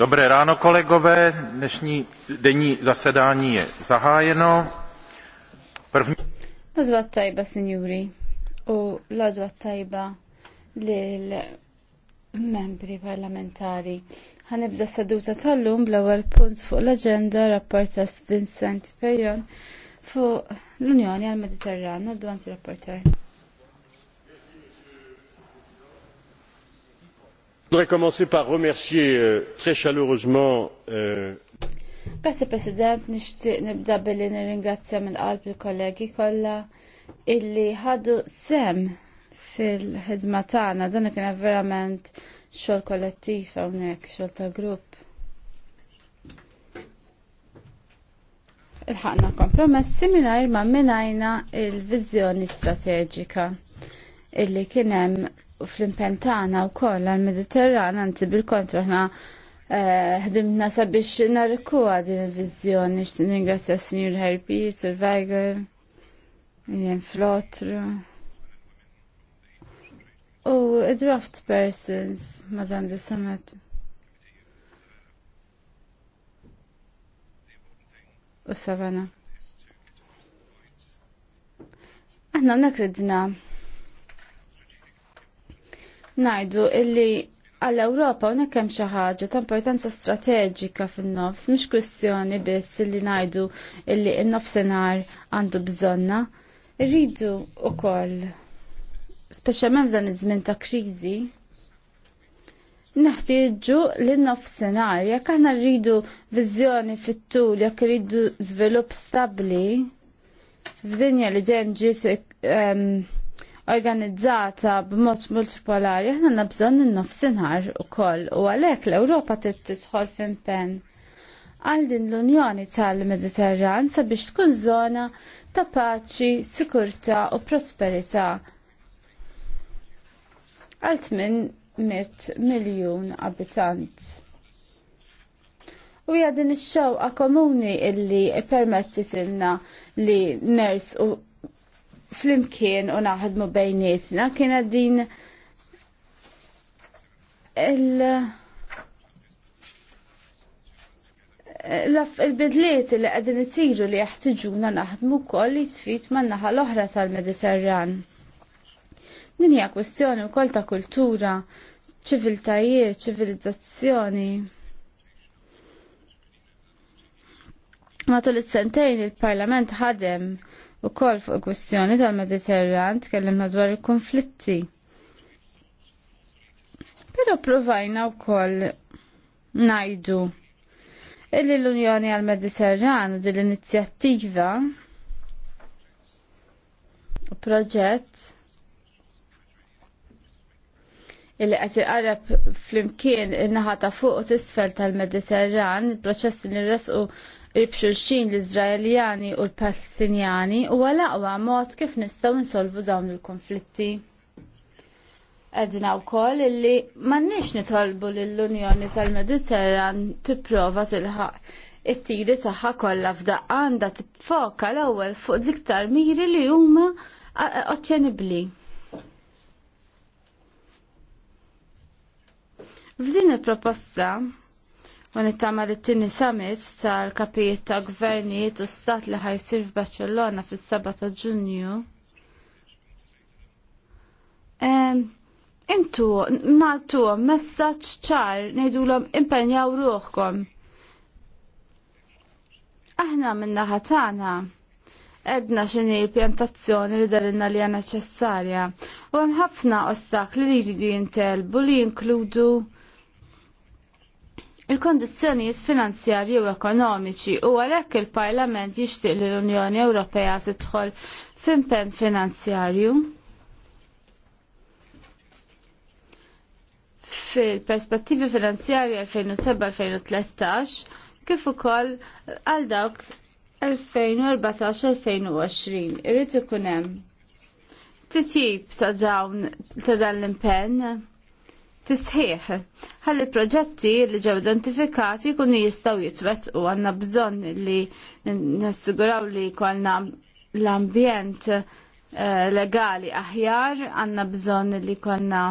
Dobré ráno, kolegové. Dnešní denní zasedání je zahájeno. První... l tajba, signori, u l tajba lil membri parlamentari. Għanibda seduta tal-lum bl-ewwel punt fuq l-agenda rapportas Vincent Pejon fuq l-Unjoni għal-Mediterran, għaddu għanti rapporter. Euh, euh, Grazie President, nixtieq nibda billi nirringrazzja mill qalb il-kollegi kollha illi ħadu sem fil-ħidma tagħna dan kien verament xogħol kollettiv hawnhekk, xogħol ta' grupp. Ilħaqna kompromessi mingħajr ma minajna il-viżjoni strateġika illi kien hemm u fl-impentana u koll għal-Mediterran anti bil-kontra ħna eh, ħdimna sabiex narku din il-vizjoni x'ti ningrazzja s-Sinjur Herbi, Survivor, jien Flotru. U draft persons, madam de Samet. U savana. Aħna nakredna najdu illi għall-Ewropa unek hemm xi ħaġa ta' importanza strateġika fin-nofs, mhux kwistjoni biss illi ngħidu illi n-nofsinhar għandu bżonna. Irridu ukoll speċjalment f'dan iż-żmien ta' kriżi Naħtieġu l nofsinhar jekk aħna rridu viżjoni fit-tul, jekk rridu żvilupp stabbli f'dinja li dejjem ġiet ehm, organizzata b'mod multipolari, ħna nabżon n-nofsinħar u koll u għalek l-Europa t-tħol fin għal din l-Unjoni tal-Mediterran sabiex tkun zona ta' paċi, sikurta u prosperita għal 800 miljon abitant. U hija din ix-xewqa komuni illi permettitilna li ners u flimkien u naħdmu bejnietna kiena din il- il-bidliet li għedin isiru li jaħtiġuna naħdmu koll li tfit man naħa l-oħra tal-Mediterran. Din hija kwestjoni wkoll ta' kultura, ċiviltajiet, ċivilizzazzjoni. Matul is-sentejn il-Parlament ħadem U kol fuq kwestjoni tal-Mediterran tkellimna dwar il-konflitti. Pero provajna u kol najdu illi l-Unjoni għal-Mediterran u dil-inizjattiva u proġett illi qed iqareb flimkien in-naħa ta' fuq u tisfel tal-Mediterran, il-proċess li resqu il-bxulxin l-Izraeljani u l-Palestinjani u għal-aqwa mod kif nistaw insolvu dawn il-konflitti. Edna u koll illi mannix nitolbu l-Unjoni tal-Mediterran tipprova tilħaq it-tiri taħħa kollha f'daqqa għandha tifoka l-ewwel fuq l-iktar miri li huma oċċenibbli. F'din il-proposta Ma nittama li t-tini summit tal-kapijiet ta' gvernijiet u stat li ħajsir f'Barcellona fis-7 ta' Ġunju. Intu, nagħtu messaċ ċar ngħidulhom impenjaw ruħkom. Aħna min-naħa tagħna edna xini pjantazzjoni li darinna li għana ċessarja u hemm ħafna ostakli li jridu jintelbu li jinkludu il kondizjonijiet finanzjarji u ekonomiċi u għalhekk il-Parlament jixtieq li l-Unjoni Ewropea tidħol f'impenn finanzjarju. fil-perspettivi finanzjarji 2007-2013 kif ukoll għal dawk 2014-2020 irid ikun hemm titjib ta' dawn ta' dan l-impenn tisħiħ. Ħalli proġetti li ġew identifikati kunu jistaw jitwet u għanna bżon li nessiguraw li kolna l-ambjent eh, legali aħjar, għanna bżon li kolna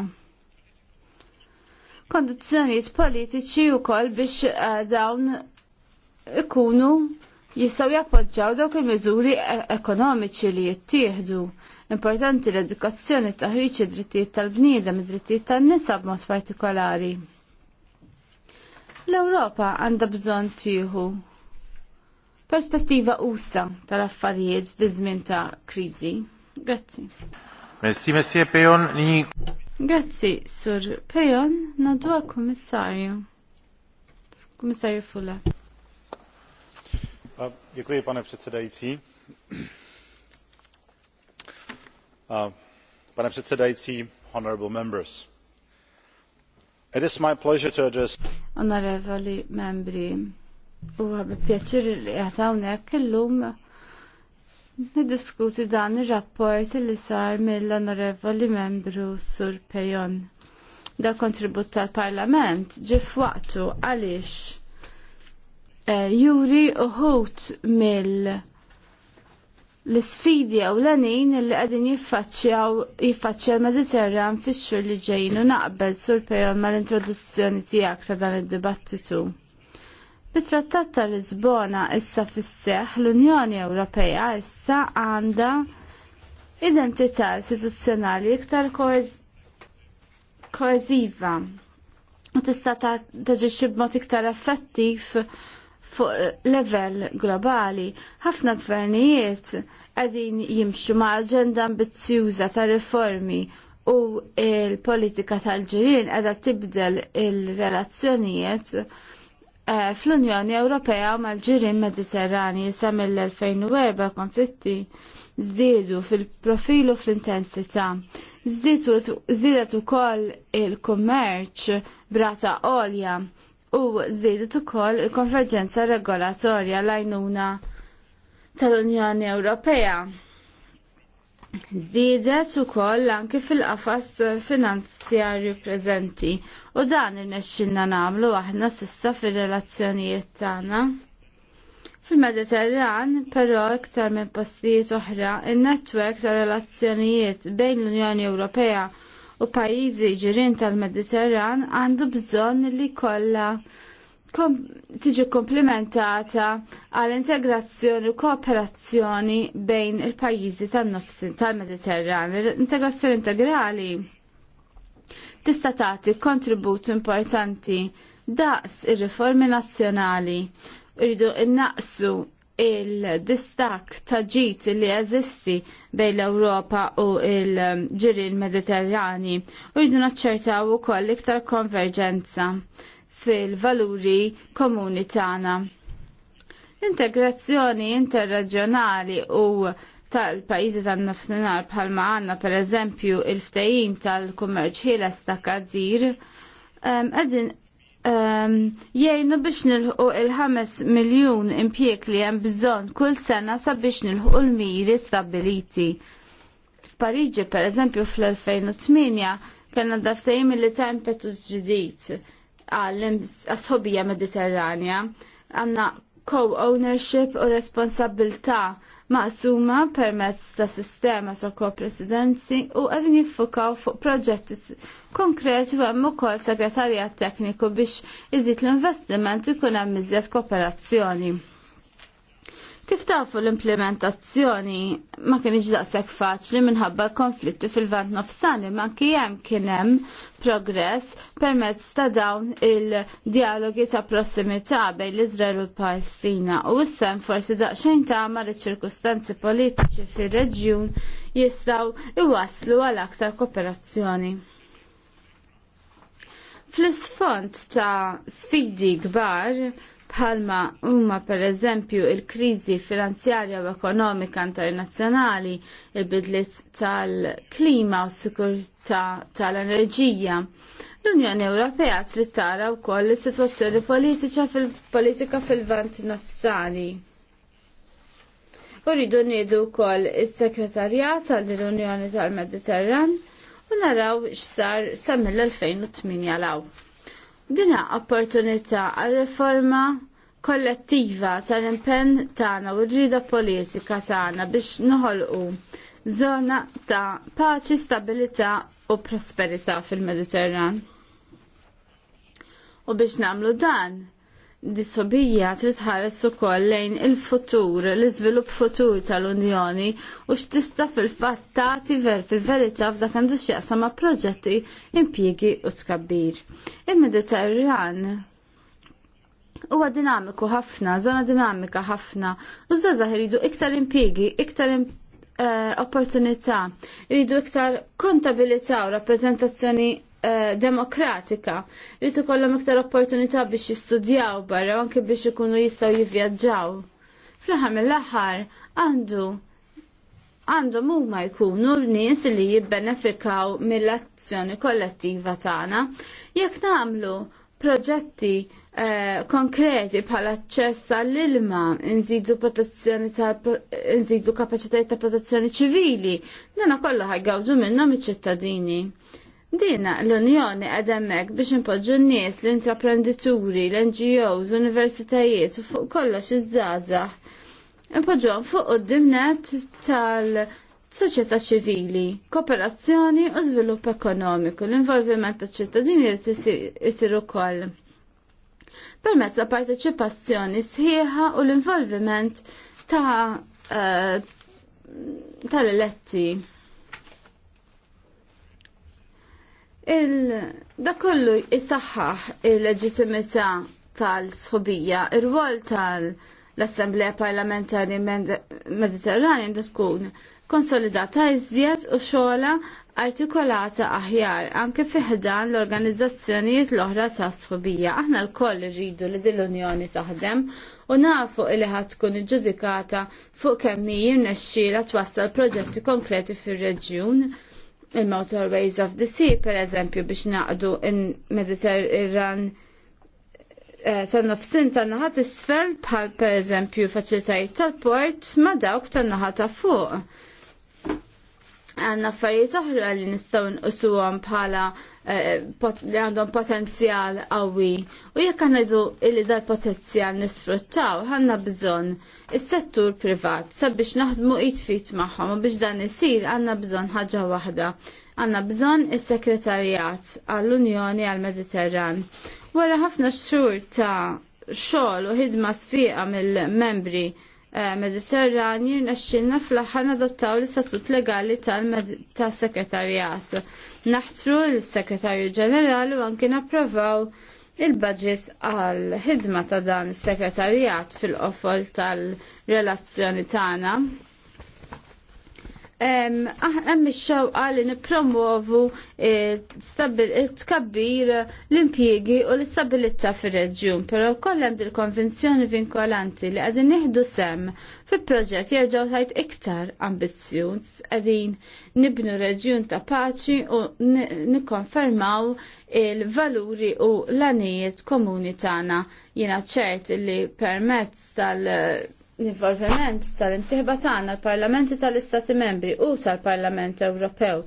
kondizjoniet politiċi u kol biex eh, dawn ikunu jistaw jappoġġaw dawk il-miżuri e-, ekonomiċi li jittieħdu Importanti l-edukazzjoni taħriġ id-drittijiet tal-bniedem, id-drittijiet tan-nisa b'mod partikolari. L-Ewropa għandha bżonn tieħu perspettiva usa tal-affarijiet f'di ta' kriżi. Grazzi. Merci, merci, Pejon, Grazzi, sur Pejon, nadu komissarju. Komissarju Fula. Děkuji, pane předsedající. Uh, pane předsedající honourable members it is my pleasure to address onorevoli membri huwa bi pjaċir li qed hawnhekk illum niddiskuti dan ir-rapport li sar mill-onorevoli membru Sur Pejon. Da kontribut tal-Parlament ġif waqtu għaliex eh, juri uħut mill- l-sfidi u l-għanin li għadin jiffaċċja l-Mediterran fix xhur li ġejn u naqbel sur pejon mal introduzzjoni tiegħek ta' dan id-dibattitu. Bit-trattat ta' Lisbona issa fis-seħ l-Unjoni Ewropea issa għandha identità istituzzjonali iktar koeżiva u tista' taġixxi b'mod iktar effettiv fuq level globali. Ħafna gvernijiet għadin jimxu ma' agenda ambizzjuża ta' riformi u il-politika tal-ġirien għadha tibdel il-relazzjonijiet eh, fl-Unjoni Ewropea u mal-ġirien Mediterrani sa mill-2004 konflitti zdidu fil-profilu fl-intensità. Żdiedet ukoll il-kummerċ brata olja u żdiedet ukoll il-konverġenza regolatorja lajnuna tal-Unjoni Ewropea. u ukoll anke fil-qafas finanzjarju preżenti u dan irnexxilna nagħmlu aħna s'issa fir-relazzjonijiet tagħna. Fil-Mediterran, però iktar minn postijiet oħra, in netwerk ta' relazzjonijiet bejn l-Unjoni Ewropea u pajjiżi ġirin tal-Mediterran għandu bżonn li kolla kom, tiġi komplementata għal integrazzjoni u kooperazzjoni bejn il-pajjiżi tan-nofsin tal-Mediterran. L-integrazzjoni integrali tista' tagħti kontribut importanti daqs ir-riformi nazzjonali rridu innaqsu il-distak ta' ġit li jeżisti bejn l-Ewropa u l-ġirien mediterrani u jridu naċċertaw ukoll iktar konverġenza fil-valuri komuni tagħna. L-integrazzjoni interreġjonali u tal-pajizi tan-nofsinhar bħalma għandna pereżempju il-ftehim tal-kummerċ ħieles ta' Kazir qegħdin Ehm, jgħinu biex nilħu il-5 miljon impjek li hemm bżonn kull sena sabiex nilħu l-miri stabiliti. F'Pariġi per eżempju fl-2008 kellna dafsejjem li ta' impetus ġdid għall-asħobija mediterranja għanna co-ownership u responsabilta maqsuma permezz ta' sistema sa' co presidenzi u għadin jiffukaw fuq proġetti konkret u għemmu ukoll segretarjat tekniku biex iżid l-investiment u hemm iżjed kooperazzjoni. Kif tafu l-implementazzjoni ma kienx daqshekk faċli minħabba konflitti fil-vant nofsani ma kien kien hemm progress permezz ta' dawn il-dialogi ta' prossimità bejn l izrael u l-Palestina u issem forsi daqsxejn tagħma li ċirkustanzi politiċi fir-reġjun jistgħu iwasslu għal aktar kooperazzjoni. Fl-isfond ta' sfidi kbar bħalma huma pereżempju il-kriżi finanzjarja u ekonomika internazzjonali, il-bidliet tal-klima u s-sikurtà tal-enerġija. L-Unjoni Ewropea trid tara wkoll is-sitwazzjoni politika fil-vant nofsani. Uridu nidu wkoll is-Sekretarjat tal-Unjoni tal-Mediterran u naraw x'sar sa mill-2008 għalaw. Dina opportunità għal riforma kollettiva tal-impenn tagħna u rrida politika tagħna biex noħolqu żona ta' paċi, stabilità u prosperità fil-Mediterran. U biex nagħmlu dan, disobija titħares ukoll lejn il-futur, l-iżvilupp futur tal-Unjoni u x'tista' fil-fatt ta' fil-verità f'dak għandu x'jaqsam ma' proġetti impjiegi u tkabbir. Il-Mediterran huwa dinamiku ħafna, żona dinamika ħafna, u żgħażagħ iridu iktar impjiegi, iktar eh, opportunità, iridu iktar kontabilità u rappresentazzjoni Eh, demokratika li tikollhom iktar opportunità biex jistudjaw barra anke biex ikunu jistgħu jivvjaġġaw. Fl-aħħar mill-aħħar għandu għandhom huma jkunu nies li jibbenefikaw mill-azzjoni kollettiva tagħna jekk nagħmlu proġetti eh, konkreti bħal aċċess għall-ilma, nżidu protezzjoni ta' nżidu kapaċitajiet ta' protezzjoni ċivili, nena kollu ħajgawdu minnhom iċ-ċittadini. Dina l-Unjoni għademmek biex impoġġu n-nies, l-intraprendituri, l-NGOs, l universitajiet u fuq kollox iż-żgħażagħ. Impoġġu fuq d-dimnet tal-soċjetà ċivili, kooperazzjoni u żvilupp ekonomiku, l-involviment taċ-ċittadini li isir ukoll. Permezz la parteċipazzjoni sħiħa u l-involviment ta' eh, tal-eletti. da kollu jisaxħax il-leġitimità tal-sħobija, ir-rwol tal-Assemblea Parlamentari Mediterrani da tkun konsolidata iżjed u xola artikolata aħjar anke fiħdan l-organizzazzjonijiet l-oħra ta' sħobija. Aħna l-koll rridu li din l-Unjoni taħdem u nafu li ħad tkun iġġudikata fuq kemm hi jirnexxiela twassal proġetti konkreti fir-reġjun il-Motorways of the Sea, per eżempju, biex naqdu il-Mediterran eh, tan-nofsin tan-naħat isfel bħal per eżempju faċilitajiet tal-port ma dawk tan-naħat ta' fuq għanna affarijiet oħra li nistgħu nqisuhom bħala eh, li għandhom potenzjal qawwi. U jekk għandu li dal potenzjal nisfruttaw, għandna bżonn is-settur privat sabiex naħdmu it-fit magħhom u biex dan isir għandna bżonn ħaġa waħda. Għandna bżonn is-sekretarjat għall-Unjoni għall-Mediterran. Wara ħafna xhur ta' xogħol u ħidma sfiqa mill-membri Eh, Mediterranji rnexxilna fl-aħħar nadottaw l-istatut legali tal-sekretarjat. Naħtru l-sekretarju ġenerali u anki napprovaw il-budget għal ħidma ta' dan is-sekretarjat fil-qofol tal-relazzjoni tagħna Ah, hemm ix-xewqa li nippromovu tkabbir l-impjiegi u l-istabilità fir-reġjun, però kollem hemm dil-konvenzjoni vinkolanti li qegħdin nieħdu sem fi proġett jerġgħu tajt iktar ambizjon għadin nibnu reġjun ta' paċi u nikkonfermaw il-valuri u l-anijiet komuni tagħna. Jiena ċert li permezz tal- l-involviment tal-imsieħba tagħna l-Parlamenti tal-Istati Membri u tal-Parlament Ewropew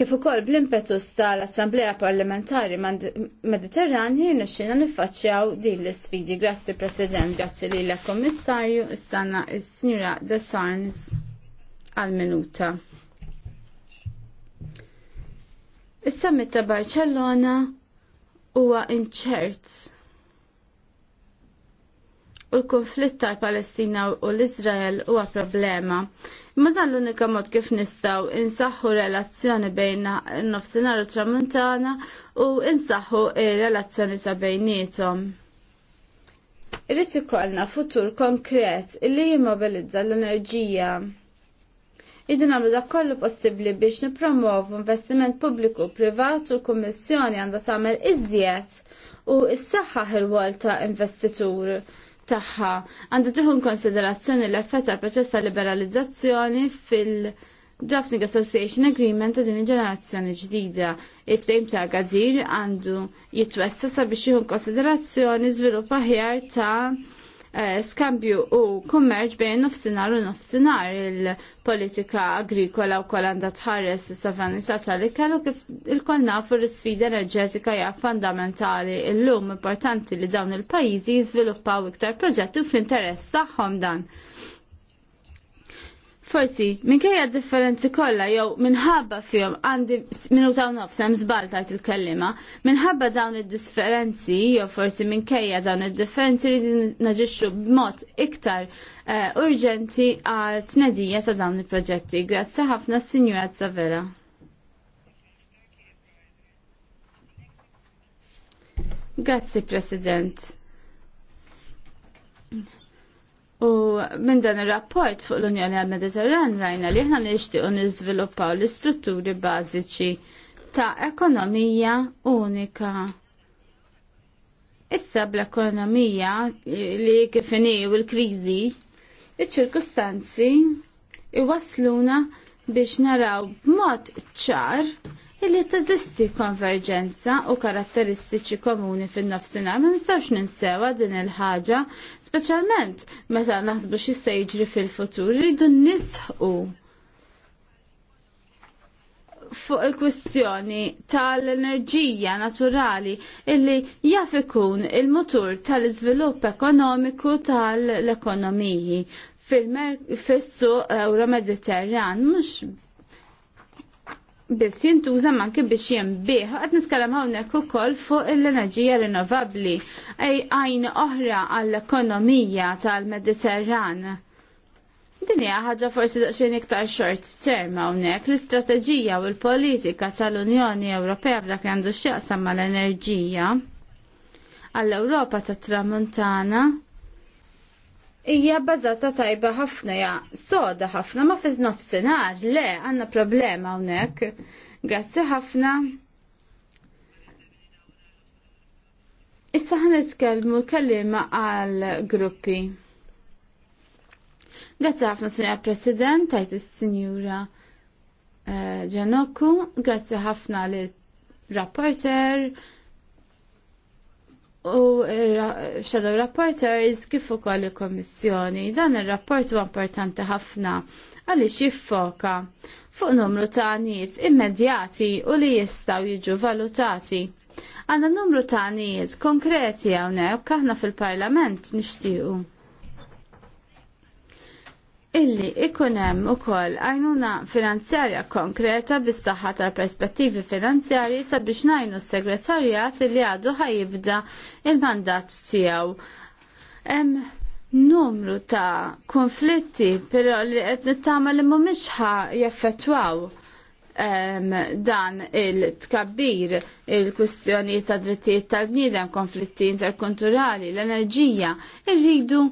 kif ukoll bl-impetus tal-Assemblea Parlamentari Mediterranji nixxina niffaċċjaw din l-isfidi. Grazzi President, grazzi li kommissarju s-sanna s-Sinjura De Sarnes għal-minuta. Is-summit ta' Barcellona huwa inċert u l-konflitt tal-Palestina u l-Izrael huwa problema. Imma dan l-unika mod kif nistgħu insaħħu relazzjoni bejn n-nofsinhar u tramuntana u insaħħu relazzjoni ta' bejnietom. Irrid ikollna futur konkret illi jimmobilizza l-enerġija. Idin għamlu da kollu possibbli biex nippromovu investiment pubbliku privat u l-Kummissjoni għandha tagħmel iżjed u s-saħħaħ il-wol ta' investitur taħħa għandha tieħu konsiderazzjoni l-effett tal-proċess ta' liberalizzazzjoni fil- Drafting Association Agreement ta' din il-ġenerazzjoni ġdida. Il-ftejm ta' għazir għandu jitwessa sabiex jieħu konsiderazzjoni zviluppa ħjar ta' Eh, skambju u kummerġ bejn nofsinar u nofsinar il-politika agrikola u kolanda tħares s-savani saċali kellu kif il-kol nafu l-sfida enerġetika hija fundamentali il-lum importanti li dawn il-pajizi jizviluppaw iktar proġetti u fl-interess tagħhom dan. Forsi, minkejja differenzi kollha jew minħabba fihom għandi minuta u nofs hemm żball tajt il-kellima, minħabba dawn id-differenzi jew forsi minkejja dawn id-differenzi li naġixxu b'mod iktar eh, urġenti għal tnedija ta' dawn il-proġetti. Grazzi ħafna Sinjura Zavela. Grazzi President. U minn dan ir-rapport fuq l-Unjoni għal-Mediterran rajna li ħna nixtiequ niżviluppaw l-istrutturi bażiċi ta' ekonomija unika. Issa bl-ekonomija li kifini u l-kriżi, iċ-ċirkustanzi iwasluna biex naraw b'mod ċar illi teżisti konverġenza u karatteristiċi komuni fin-nofsinhar ma nistgħux ninsewa din il-ħaġa, speċjalment meta naħsbu se jiġri fil-futur irridu nisħu fuq il-kwistjoni tal-enerġija naturali illi jaf ikun il-motur tal-iżvilupp ekonomiku tal-ekonomiji fil-suq Euro-Mediterran, mux biss jintuża manki biex jembih. Għad nitkellem hawnhekk ukoll fuq l-enerġija rinnovabbli ej għajn oħra għall-ekonomija tal-Mediterran. Din hija ħaġa forsi daqsxejn iktar short term hawnhekk l-istrateġija u l-politika tal-Unjoni Ewropea f'dak li għandu x'jaqsam mal-enerġija għall-Ewropa tat-Tramuntana Ija bazata tajba ħafna, ja, soda ħafna, ma fiz nofsenar, le, għanna problema unek. Grazzi ħafna. Issa ħan iskelmu kellima għal gruppi. Grazzi ħafna, Sinja President, tajt il-Sinjura Ġanoku, eh, grazzi ħafna li rapporter u f'xadow rapporters kif ukoll il-Kommissjoni. Dan ir-rapport huwa importanti ħafna għaliex jiffoka fuq numru ta' għanijiet immedjati u li jistgħu jiġu valutati. Għandna numru ta' għanijiet konkreti hawnhekk aħna fil-Parlament nixtiequ illi ikunem u koll għajnuna finanzjarja konkreta bis-saħħa tal-perspettivi finanzjarji sabiex najnu s-segretarjat illi għadu ħajibda il-mandat tijaw. Em, numru ta' konflitti pero li qed nittama li mhumiex ħa ehm, dan il-tkabbir, il-kwistjoni ta' drittijiet tal-bniedem, konflitti interkulturali, l-enerġija, irridu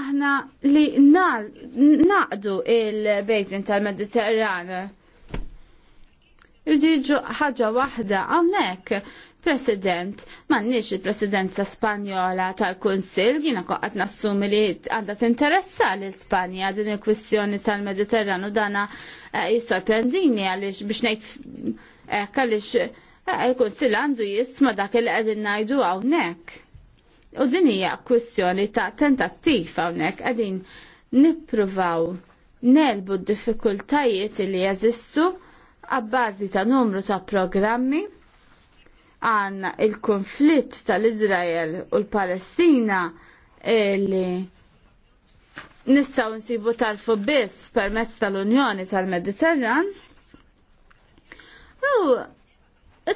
aħna li naqdu il-bejtin tal-Mediterran. Irġiġu ħaġa waħda għawnek. President, mannix il-presidenza spanjola tal konsil jina koqqat nassumi li għanda t-interessa l-Spanja din il-kwistjoni tal-Mediterranu dana eh, jissorprendini għalix biex nejt eh, għalix eh, il konsil għandu jisma dak il-għedin najdu għawnek. U din hija kwistjoni ta' tentattiv hawnhekk qegħdin nippruvaw nelbu d-diffikultajiet li jeżistu għabbażi ta' numru ta' programmi għanna il-konflitt tal-Izrael u l-Palestina eh, li nistaw nsibu tarfu biss permezz tal-Unjoni tal-Mediterran. U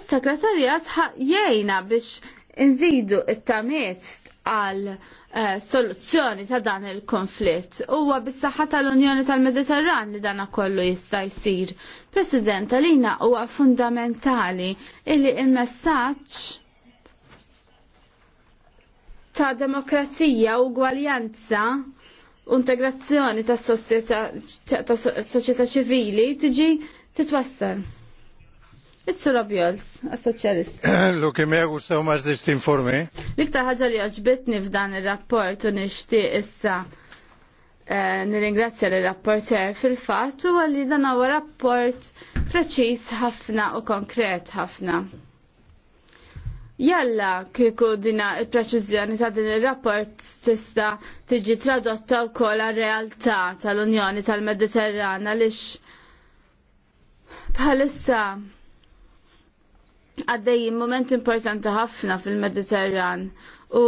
s-sekretarjat jajna biex nżidu it-tamiet għal eh, soluzzjoni ta' dan il-konflitt. Huwa bis-saħħa tal-Unjoni tal-Mediterran li dana kollu jista' jsir. President, għalina huwa fundamentali illi il-messaġġ ta' demokrazija u gwaljanza u integrazzjoni ta' soċjetà ċivili tiġi titwassal. Is-sura Bjols, as soċjalist Luki me sew ma dist informi. L-iktar ħagġa li oġbitni f'dan il-rapport u nixtieq issa eh, nirringrazzja l-rapporter fil-fat u għalli dan huwa rapport preċis ħafna u konkret ħafna. Jalla, kieku dina il-preċizjoni ta' din il-rapport tista tiġi tradotta u kol realtà tal-Unjoni tal-Mediterrana lix bħalissa Għaddej moment importanti ħafna fil-Mediterran u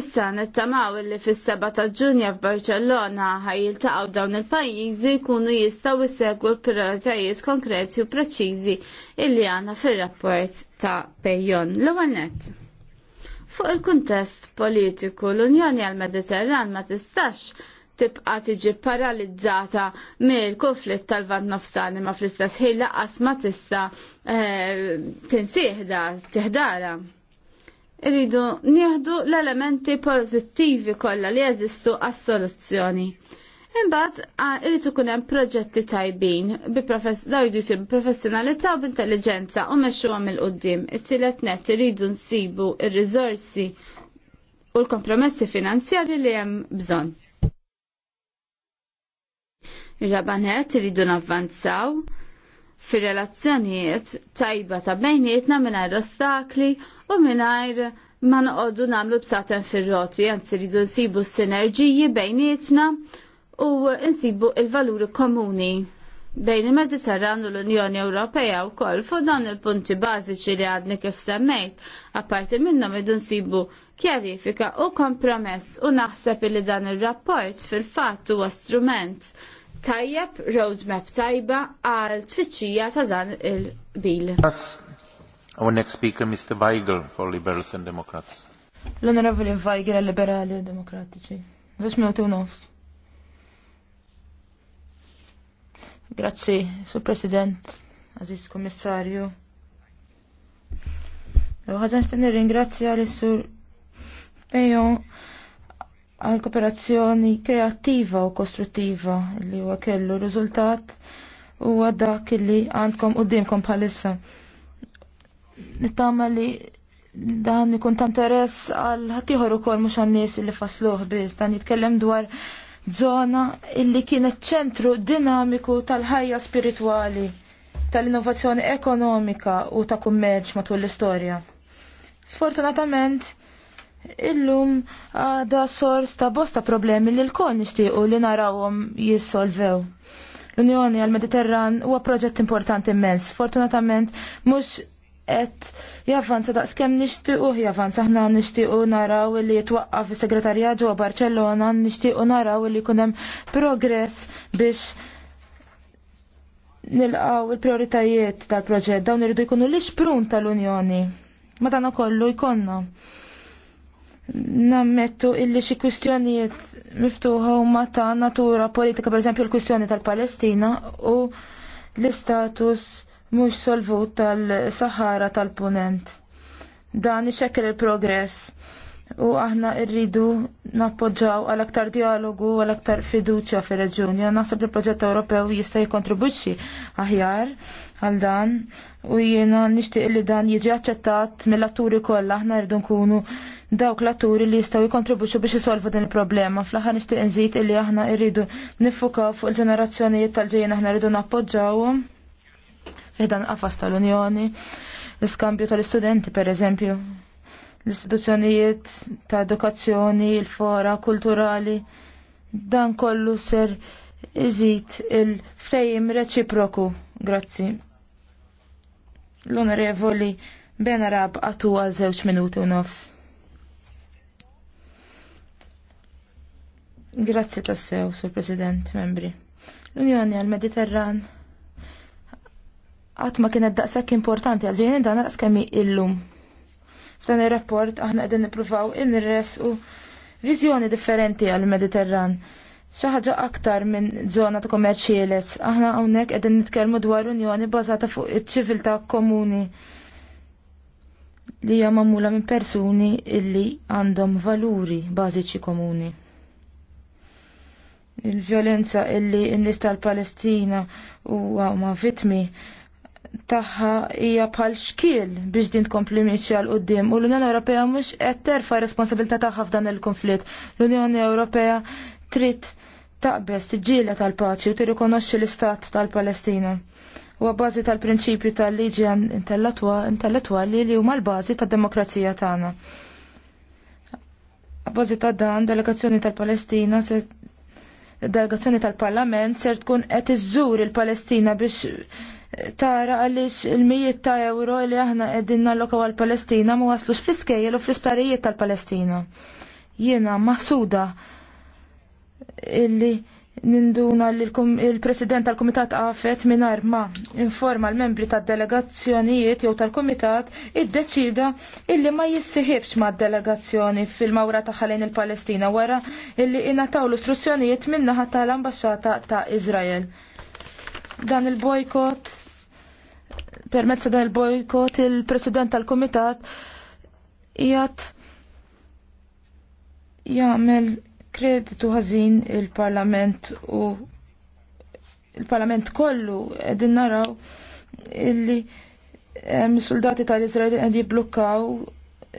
issa nettamaw li fis-7 ta' ġunja f'Barċellona ħajjiltaqgħu dawn il-pajjiżi jkunu jistgħu jissegwu l-prioritajiet konkreti u preċiżi illi għandna fir-rapport ta' Pejjon. L-ewwel nett. Fuq il-kuntest politiku l-Unjoni għal-Mediterran ma tistax tibqa tiġi paralizzata mill-konflitt tal-vant nofsani ma fl-istess ħin laqqas ma tista eh, tinsieħda tiħdara. Iridu nieħdu l-elementi pożittivi kollha li jeżistu għas-soluzzjoni. Imbagħad irid ikun hemm proġetti tajbin bi daw jridu professjonalità u b'intelliġenza u mexxuhom il-qudiem. It-tielet net iridu nsibu ir-riżorsi u l-kompromessi finanzjarji li hemm bżonn. Ir-rabanet iridu navvanzaw fir-relazzjonijiet tajba ta' bejnietna mingħajr ostakli u mingħajr ma noqogħdu nagħmlu b'saten fir-roti, anzi iridu nsibu s-sinerġiji bejnietna u nsibu il-valuri komuni bejn il-Mediterran l-Unjoni Ewropea wkoll fuq dawn il-punti bażiċi li għadni kif semmejt, apparti minnhom idu nsibu kjarifika u kompromess u naħseb li dan ir rapport fil fatt huwa strument tajjeb roadmap tajba għal tfittxija ta' dan il-bil. Our next speaker, Mr. Weigel, for Liberals and Democrats. L-Onorevoli Weigel, Liberali u Demokratiċi. Zux minutu nofs. Grazzi, Sur President, Aziz Komissarju. Għadġan xtenni ringrazzja l-Sur Pejon għal kooperazzjoni kreattiva u kostruttiva li huwa kellu riżultat huwa dak li għandkom dimkom bħalissa. Nittama li dan ikun ta' interess għal ħatiħor ukoll mhux għan-nies li fasluħ biss dan jitkellem dwar żona illi kienet ċentru dinamiku tal-ħajja spirituali, tal-innovazzjoni ekonomika u ta' kummerċ matul l-istorja. Sfortunatament, Illum għada sors ta' bosta problemi li l-kol nishtiqu li narawhom jissolvew. L-Unjoni għal-Mediterran huwa proġett importanti immens. Fortunatament mhux et javvanza da' skem nishtiqu, javvanza ħna nishtiqu naraw li jitwaqqa fi segretarja ġewwa Barcellona, nishtiqu naraw li kunem progress biex nilqaw il-prioritajiet tal-proġett dawn irridu jkunu l-isprun tal-Unjoni. Ma dan kollu jkonna nammettu illi xi kwistjonijiet miftuħa huma ta' natura politika, pereżempju l-kwistjoni tal-Palestina u l-istatus mhux solvut tal-Sahara tal-Punent. Dan ixekkel il-progress u aħna rridu nappoġġaw għal aktar dialogu għal aktar fiduċja fir-reġjun. naħseb li l-proġett Ewropew jista' jikkontribwixxi aħjar għal dan u jiena nixtieq li dan jiġi aċċettat mill-atturi kollha aħna rridu nkunu dawk l-atturi li jistgħu jikontribuċu biex isolvu din il-problema. Fl-aħħar nixtieq illi aħna rridu nifuka fuq il-ġenerazzjonijiet tal-ġejjin aħna rridu nappoġġawhom fiħdan qafas tal-Unjoni, l-iskambju tal-istudenti pereżempju, l-istituzzjonijiet ta' edukazzjoni, il-fora kulturali, dan kollu ser iżid il fejm reċiproku. Grazzi. L-onorevoli Benarab għatu għal zewċ minuti u nofs. Grazzi tassew, Sur President, membri. L-Unjoni għal-Mediterran għatma kienet daqsak importanti għal għal-ġejni dan kemmi illum. F'dan il-rapport aħna għedin niprufaw in-res u vizjoni differenti għal-Mediterran. ħaġa aktar minn zona ta' kommerċieles. Aħna hawnhekk qegħdin nitkellmu dwar Unjoni bazata fuq iċ-ċiviltà komuni li hija magħmula minn persuni illi għandhom valuri bażiċi komuni il-violenza illi n-nis tal-Palestina huwa ma vitmi taħħa hija bħal xkiel biex din tkompli mixja l qudiem u l-Unjoni Ewropea mhux qed terfa' responsabilità tagħha f'dan il-konflitt. L-Unjoni Ewropea trid taqbes tiġġiela tal-paċi u tirrikonoxxi l-istat tal-Palestina. U bażi tal-prinċipju tal-liġi intellettwali li huma l-bażi tad-demokrazija tagħna. Bażi ta' dan delegazzjoni tal-Palestina se delegazzjoni tal-Parlament ser tkun qed iżżur il-Palestina biex eh, tara għaliex il-mijiet ta' euro li aħna qegħdin nalloka għall-Palestina ma waslux fl-iskejjel u fl-isptarijiet tal-Palestina. Jiena maħsuda illi Ninduna li l-President tal-Komitat għafet minar ma informa l-membri tal-delegazzjonijiet jew tal-Komitat id-deċida illi ma jissiħibx ma delegazzjoni fil-mawra taħħalin il-Palestina wara illi inataw l-istruzzjonijiet minnaħat tal-ambasċata ta' Izrael. Dan il-bojkot permezz dan il-bojkot il-president tal-komitat jgħat jagħmel kreditu ħażin il-Parlament u il-Parlament kollu qegħdin naraw illi soldati tal-Izrael qed jibblukkaw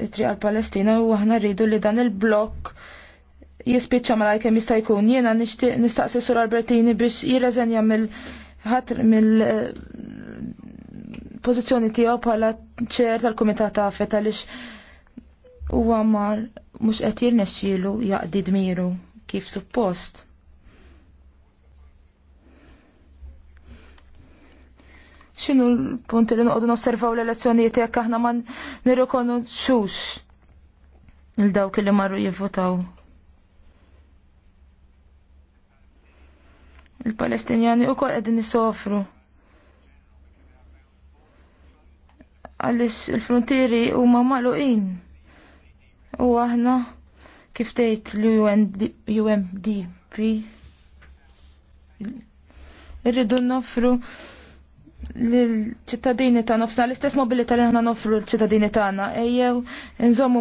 it-triq għal-Palestina u aħna rridu li dan il-blokk jispiċċa malaj kemm jista' jkun. Jiena nixtieq nistaqsi Sur Albertini biex jirreżenja mill-ħatr mill eh, pożizzjoni tiegħu bħala ċer tal-Kumitat Afet għaliex huwa mar mhux qed jirnexxielu jaqdi dmiru kif suppost. X'inhu l-punt li noqogħdu nosservaw l-elezzjonijiet jekk aħna ma nirrikonoxxux il dawk li marru jivvotaw. Il-Palestinjani wkoll qegħdin isofru. Għaliex il-frontieri huma magħluqin. U aħna kif tgħid l-UNDP irridu noffru l-ċittadini ta' nofsna l-istess mobilità li aħna nofru l-ċittadini tagħna ejjew l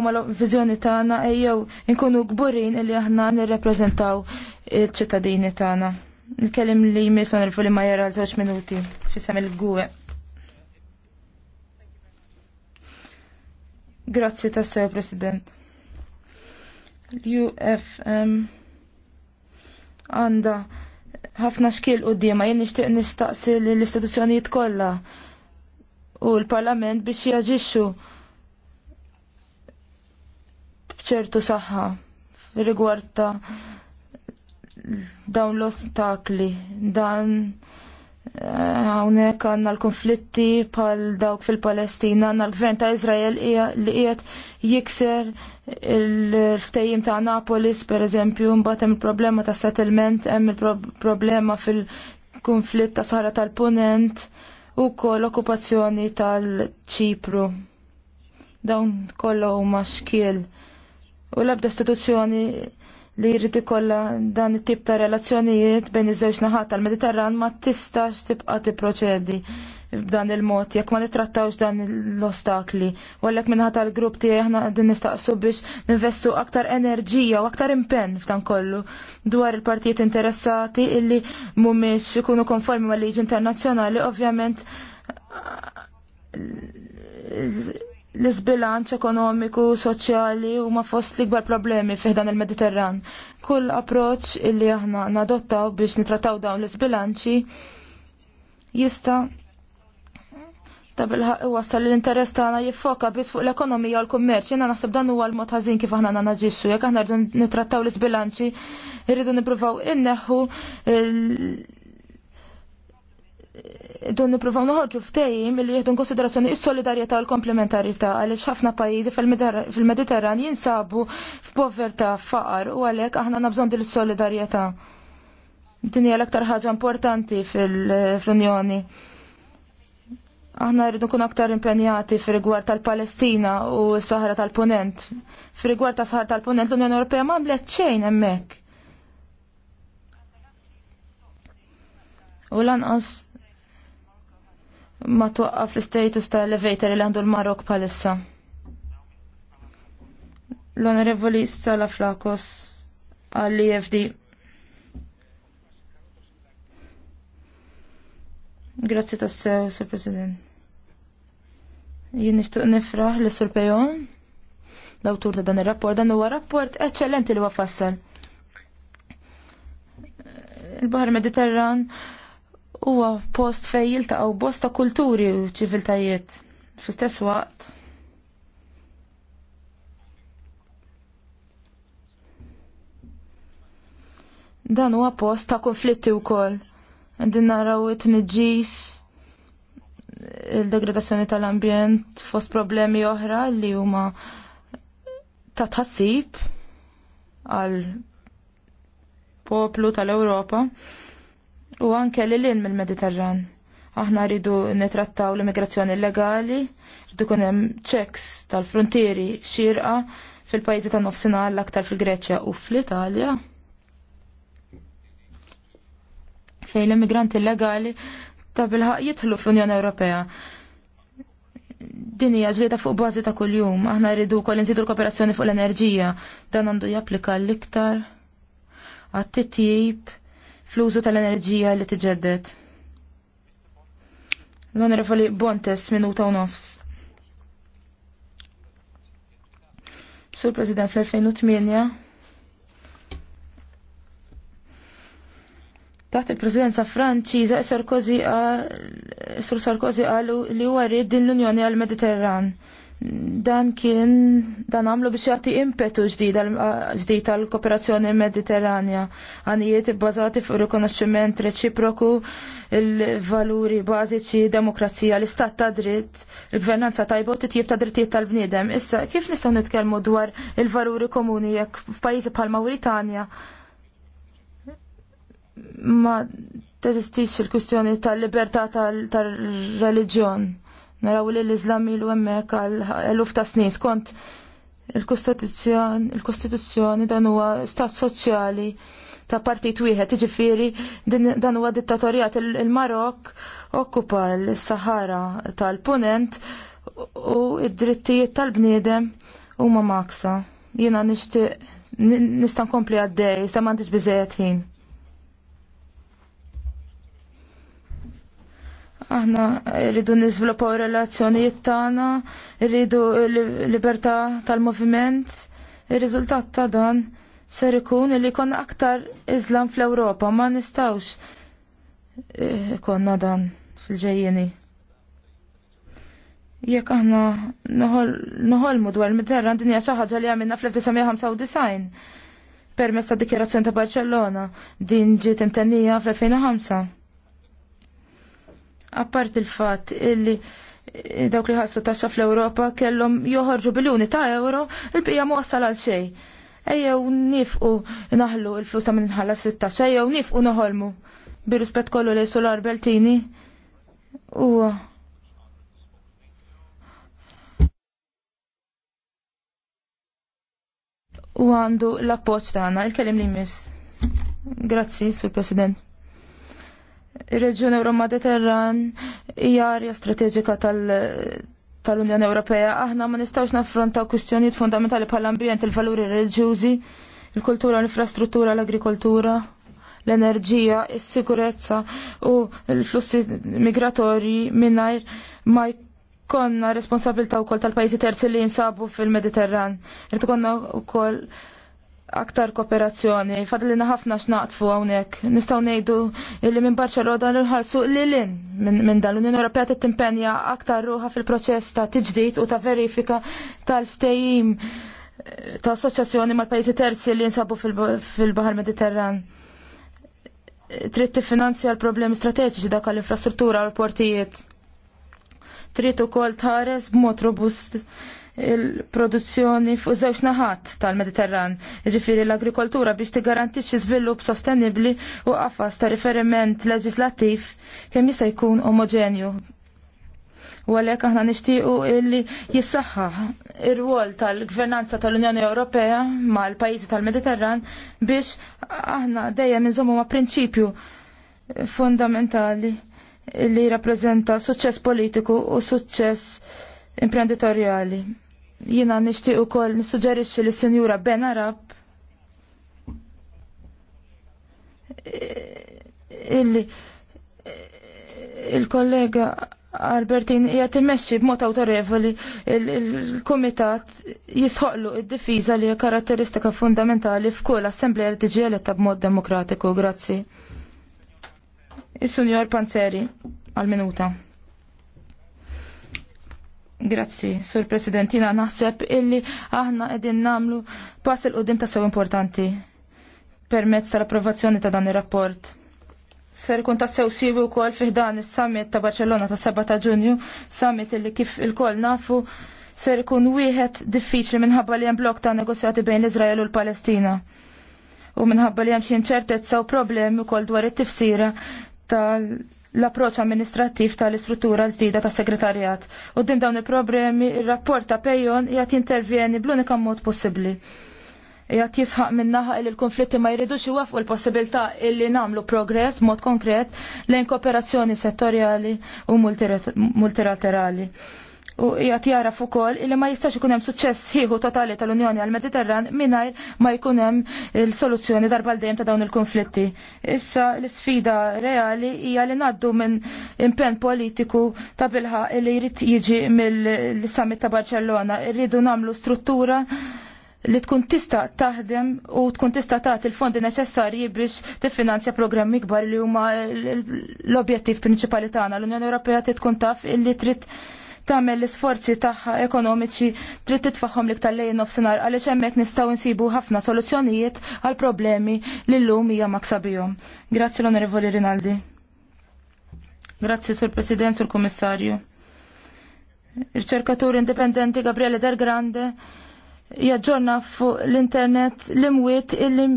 mal-viżjoni tagħna ejjew inkunu gburin li aħna nirrepreżentaw l ċittadini tagħna. Nkellim li jmiss nirfu li ma jara żewġ minuti f'isem il-gwe. Grazzi tassew, President l-UFM għanda ħafna xkil u d-dima jien xtiq nistaqsi l-istituzzjonijiet kollha u l-parlament biex jaġixxu bċertu saħħa rigward ta' dawn l-ostakli dan Hawnhekk għandna l-konflitti pal dawk fil-Palestina, għanna l-gvern ta' Izrael li qiegħed jikser il ftejim ta' Napolis pereżempju, mbagħad hemm il-problema ta' settlement, hemm il-problema fil-konflitt ta' Sahara tal-Punent u kol okkupazzjoni tal-Ċipru. Dawn kollha huma xkiel. U l-ebda istituzzjoni li jrid ikollha dan it-tip ta' relazzjonijiet bejn iż-żewġ naħat tal-Mediterran ma tistax tibqa' tipproċedi b'dan il-mod jekk ma nittrattawx dan l-ostakli. U għalhekk minħata tal-grupp tiegħi aħna qegħdin nistaqsu biex ninvestu aktar enerġija u aktar impenn f'dan kollu dwar il-partijiet interessati illi mhumiex ikunu konformi mal-liġi internazzjonali ovvjament l-isbilanċ ekonomiku, soċjali u ma fost l-ikbar problemi fiħdan il-Mediterran. Kull approċ illi aħna nadottaw biex nitrataw dawn l-isbilanċi jista ta' bilħaq wassal l-interess tagħna jiffoka biss fuq l-ekonomija u l-kummerċ. Jiena naħseb dan huwa l-mod ħażin kif aħna ġissu. Jekk aħna rridu nittrattaw l-isbilanċi, irridu nippruvaw inneħħu dun niprofaw noħorġu ftejim li jieħdu konsiderazzjoni is-solidarjetà u l komplementarjetà għaliex ħafna pajjiżi fil-Mediterran jinsabu f'povertà, faqar u għalhekk aħna nabżon din is-solidarjetà. Din hija l-aktar ħaġa importanti fil-Unjoni. Aħna rridu nkun aktar impenjati fir-rigward tal-Palestina u s-Sahara tal-Punent. Fir-rigward tas-Sahara tal-Punent l-Unjoni Ewropea ma xejn hemmhekk. U lanqas ma twaqqaf l-status ta' elevator li għandu l-Marok palissa. L-Onorevoli Sala Flakos għall-EFD. Grazzi ta' sew, Sir President. Jien nixtuq nifraħ li Sur Pejon, l-awtur ta' dan ir-rapport, dan huwa rapport eċċellenti li huwa Il-Baħar Mediterran huwa post fej jiltaqgħu ta' kulturi u ċiviltajiet fl-istess waqt. Dan huwa post ta' konflitti wkoll. Għandin naraw it-tniġġis il-degradazzjoni tal-ambjent fost problemi oħra li huma ta' tħassib għal poplu tal-Ewropa u anke li l-in mill-Mediterran. Aħna rridu nitrattaw l-immigrazzjoni illegali, rridu kunem checks tal-frontieri xirqa fil pajjiżi ta' nofsinhar l-aktar fil-Greċja u fl-Italja. Fejn l-immigranti illegali ta' bilħaq jidħlu fl-Unjoni Ewropea din hija ġlieda fuq bażi ta' kuljum. Aħna rridu wkoll nżidu l-kooperazzjoni fuq l-enerġija. Dan għandu japplika l-iktar għat-titjib fl-użu tal-enerġija li tiġeddet. L-Onorevoli Bontes minuta u nofs. Sur President fl-2008 taħt il-presidenza Franċiża Sarkozy Sur Sarkozy qalu li huwa jrid din l-Unjoni għal-Mediterran. Dan kien dan għamlu biex jagħti impetu ġdid għal kooperazzjoni mediterranja għanijiet ibbażati fuq rikonoxximent reċiproku il-valuri bażiċi demokrazija l-istat ta' dritt, il-gvernanza tajba u titjib ta' drittijiet tal-bniedem. Issa kif nistgħu nitkellmu dwar il-valuri komuni jekk f'pajjiżi bħal mawritania ma teżistix il-kwistjoni tal-libertà tal-reliġjon naraw li l-Islam ilu hemmhekk għal eluf ta' snin skont il-Kostituzzjoni dan huwa stat soċjali ta' partit wieħed, jiġifieri dan huwa dittatorjat il-Marok okkupa l-Sahara tal-Punent u id-drittijiet tal-bniedem huma maksa. Jiena nixtieq nista' nkompli għaddej, iżda m'għandix biżejjed ħin. Aħna rridu niżviluppaw relazzjonijiet tagħna, rridu libertà tal-moviment. Ir-riżultat ta' dan ser ikun li konna aktar iżlam fl-Ewropa, ma nistawx eh, konna dan fil-ġejjeni. Jekk aħna noħolmu dwar mid mediterran dinja xi ħaġa li għamilna fl-1995 permezz ta' dikjerazzjoni ta' Barċellona din ġiet imtennija fl-2005. Apart il-fat illi dawk li ħassu taxxa fl-Ewropa kellhom joħorġu biluni ta' euro, il-bqija muqassal għal xejn. Ejjew nifqu naħlu il-flus ta' minnħalla nħallas it-taxxa, ejjew nifqu noħolmu. bir-rispett kollu li Solar Beltini. U u għandu l-appoċ tagħna, il-kelim li jmiss. Grazzi, Sur President. Ir-Reġjun Euro Mediterran hija arja strateġika tal- tal-Unjoni Ewropea, aħna ma nistgħux naffrontaw kwistjonijiet fundamentali bħall-ambjent, il-valuri reliġjużi, il-kultura, l-infrastruttura, l-agrikoltura, l-enerġija, is-sigurezza u l-flussi migratorji mingħajr ma jkollna responsabilta wkoll tal-pajjiżi terzi li jinsabu fil-Mediterran. Irid ikollna wkoll aktar kooperazzjoni, fadlina ħafna x'naqtfu hawnhekk. Nistgħu ngħidu li minn Barcelona nħarsu lilin minn dan l-Unjoni Ewropea tittimpenja aktar ruħa fil-proċess ta' tiġdid u ta' verifika tal-ftehim eh, ta' assoċjazzjoni mal-pajjiżi terzi li jinsabu fil-Baħar Mediterran. Eh, trid tiffinanzja l-problemi strateġiċi dak l-infrastruttura u l-portijiet. Trid ukoll tħares b'mod robust il-produzzjoni fuq żewġ naħat tal-Mediterran, ġifiri l-agrikoltura biex tigarantixxi żvilupp sostenibbli u qafas ta' riferiment leġislattiv kemm jista' jkun omogenju u għalhekk aħna nixtiequ illi jissaħħa ir-rwol tal-gvernanza tal-Unjoni Ewropea mal pajjiżi tal-Mediterran biex aħna dejjem inżommu ma' prinċipju fundamentali li rappresenta suċċess politiku u suċċess imprenditorjali. Jina nishtiq u kol nissuġerixi li senjura Ben Arab illi il-kollega Albertin jgħat immexxi b'mod awtorevoli il-komitat jisħoqlu id-difiża li hija karatteristika fundamentali f'kull assembleja li tiġi eletta b'mod demokratiku. Grazzi. Is-Sunjor Panzeri għal-minuta. Grazzi, Sur Presidentina, naħseb illi aħna edin namlu pass il-qoddim ta' sew importanti permezz tal-approvazzjoni ta' dan ir-rapport. Ser kun ta' sew siwi u kol fiħdan il-summit ta' Barcellona ta' 7 ta' ġunju, summit illi kif il-kol nafu, ser kun wieħed diffiċli minħabba li hemm blok ta' negozjati bejn l-Izrael u l-Palestina. U minħabba li hemm xi inċertezza u problemi wkoll dwar it-tifsira tal l-approċ amministrattiv tal-istruttura l-ġdida ta' segretarjat. U din dawn il-problemi, il-rapport ta' Pejon jgħat jintervjeni bl-unika mod possibli. Jgħat jisħaq minnaħa il konflitti ma jridux iwafqu l-possibilità illi namlu progress mod konkret lejn kooperazzjoni settorjali u multilaterali u hija tjaraf ukoll li ma jistax ikun hemm suċċess ħieħu totali tal-Unjoni għall mediterran mingħajr ma jkun hemm il-soluzzjoni darba dejjem ta' dawn il-konflitti. Issa l-isfida reali hija li ngħaddu minn impenn politiku ta' bilħa li jrid jiġi mill-summit ta' Barcellona, irridu nagħmlu struttura li tkun tista taħdem u tkun tista tagħti il-fondi neċessarji biex tiffinanzja programmi kbar li huma l-objettiv prinċipali tagħna. L-Unjoni Ewropea tkun taf illi trid tagħmel l-isforzi tagħha ekonomiċi trid titfaħħom liktar lejn nofsinhar għaliex hemmhekk nistgħu nsibu ħafna soluzzjonijiet għal problemi li llum hija maksabihom. Grazzi l-Onorevoli Rinaldi. Grazzi sur President, sur Kummissarju. Riċerkatur indipendenti Gabriele Del Grande jaġġorna fuq l-internet l-imwiet illi